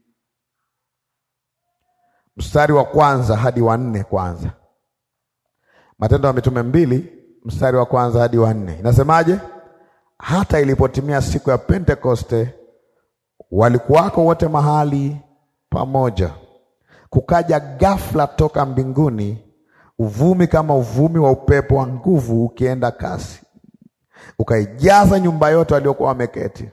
mstari wa kwanza hadi wa nne. Kwanza Matendo ya Mitume mbili mstari wa kwanza hadi wa nne inasemaje? Hata ilipotimia siku ya Pentekoste, walikuwako wote mahali pamoja. Kukaja ghafla toka mbinguni uvumi kama uvumi wa upepo wa nguvu ukienda kasi ukaijaza nyumba yote waliokuwa wameketi.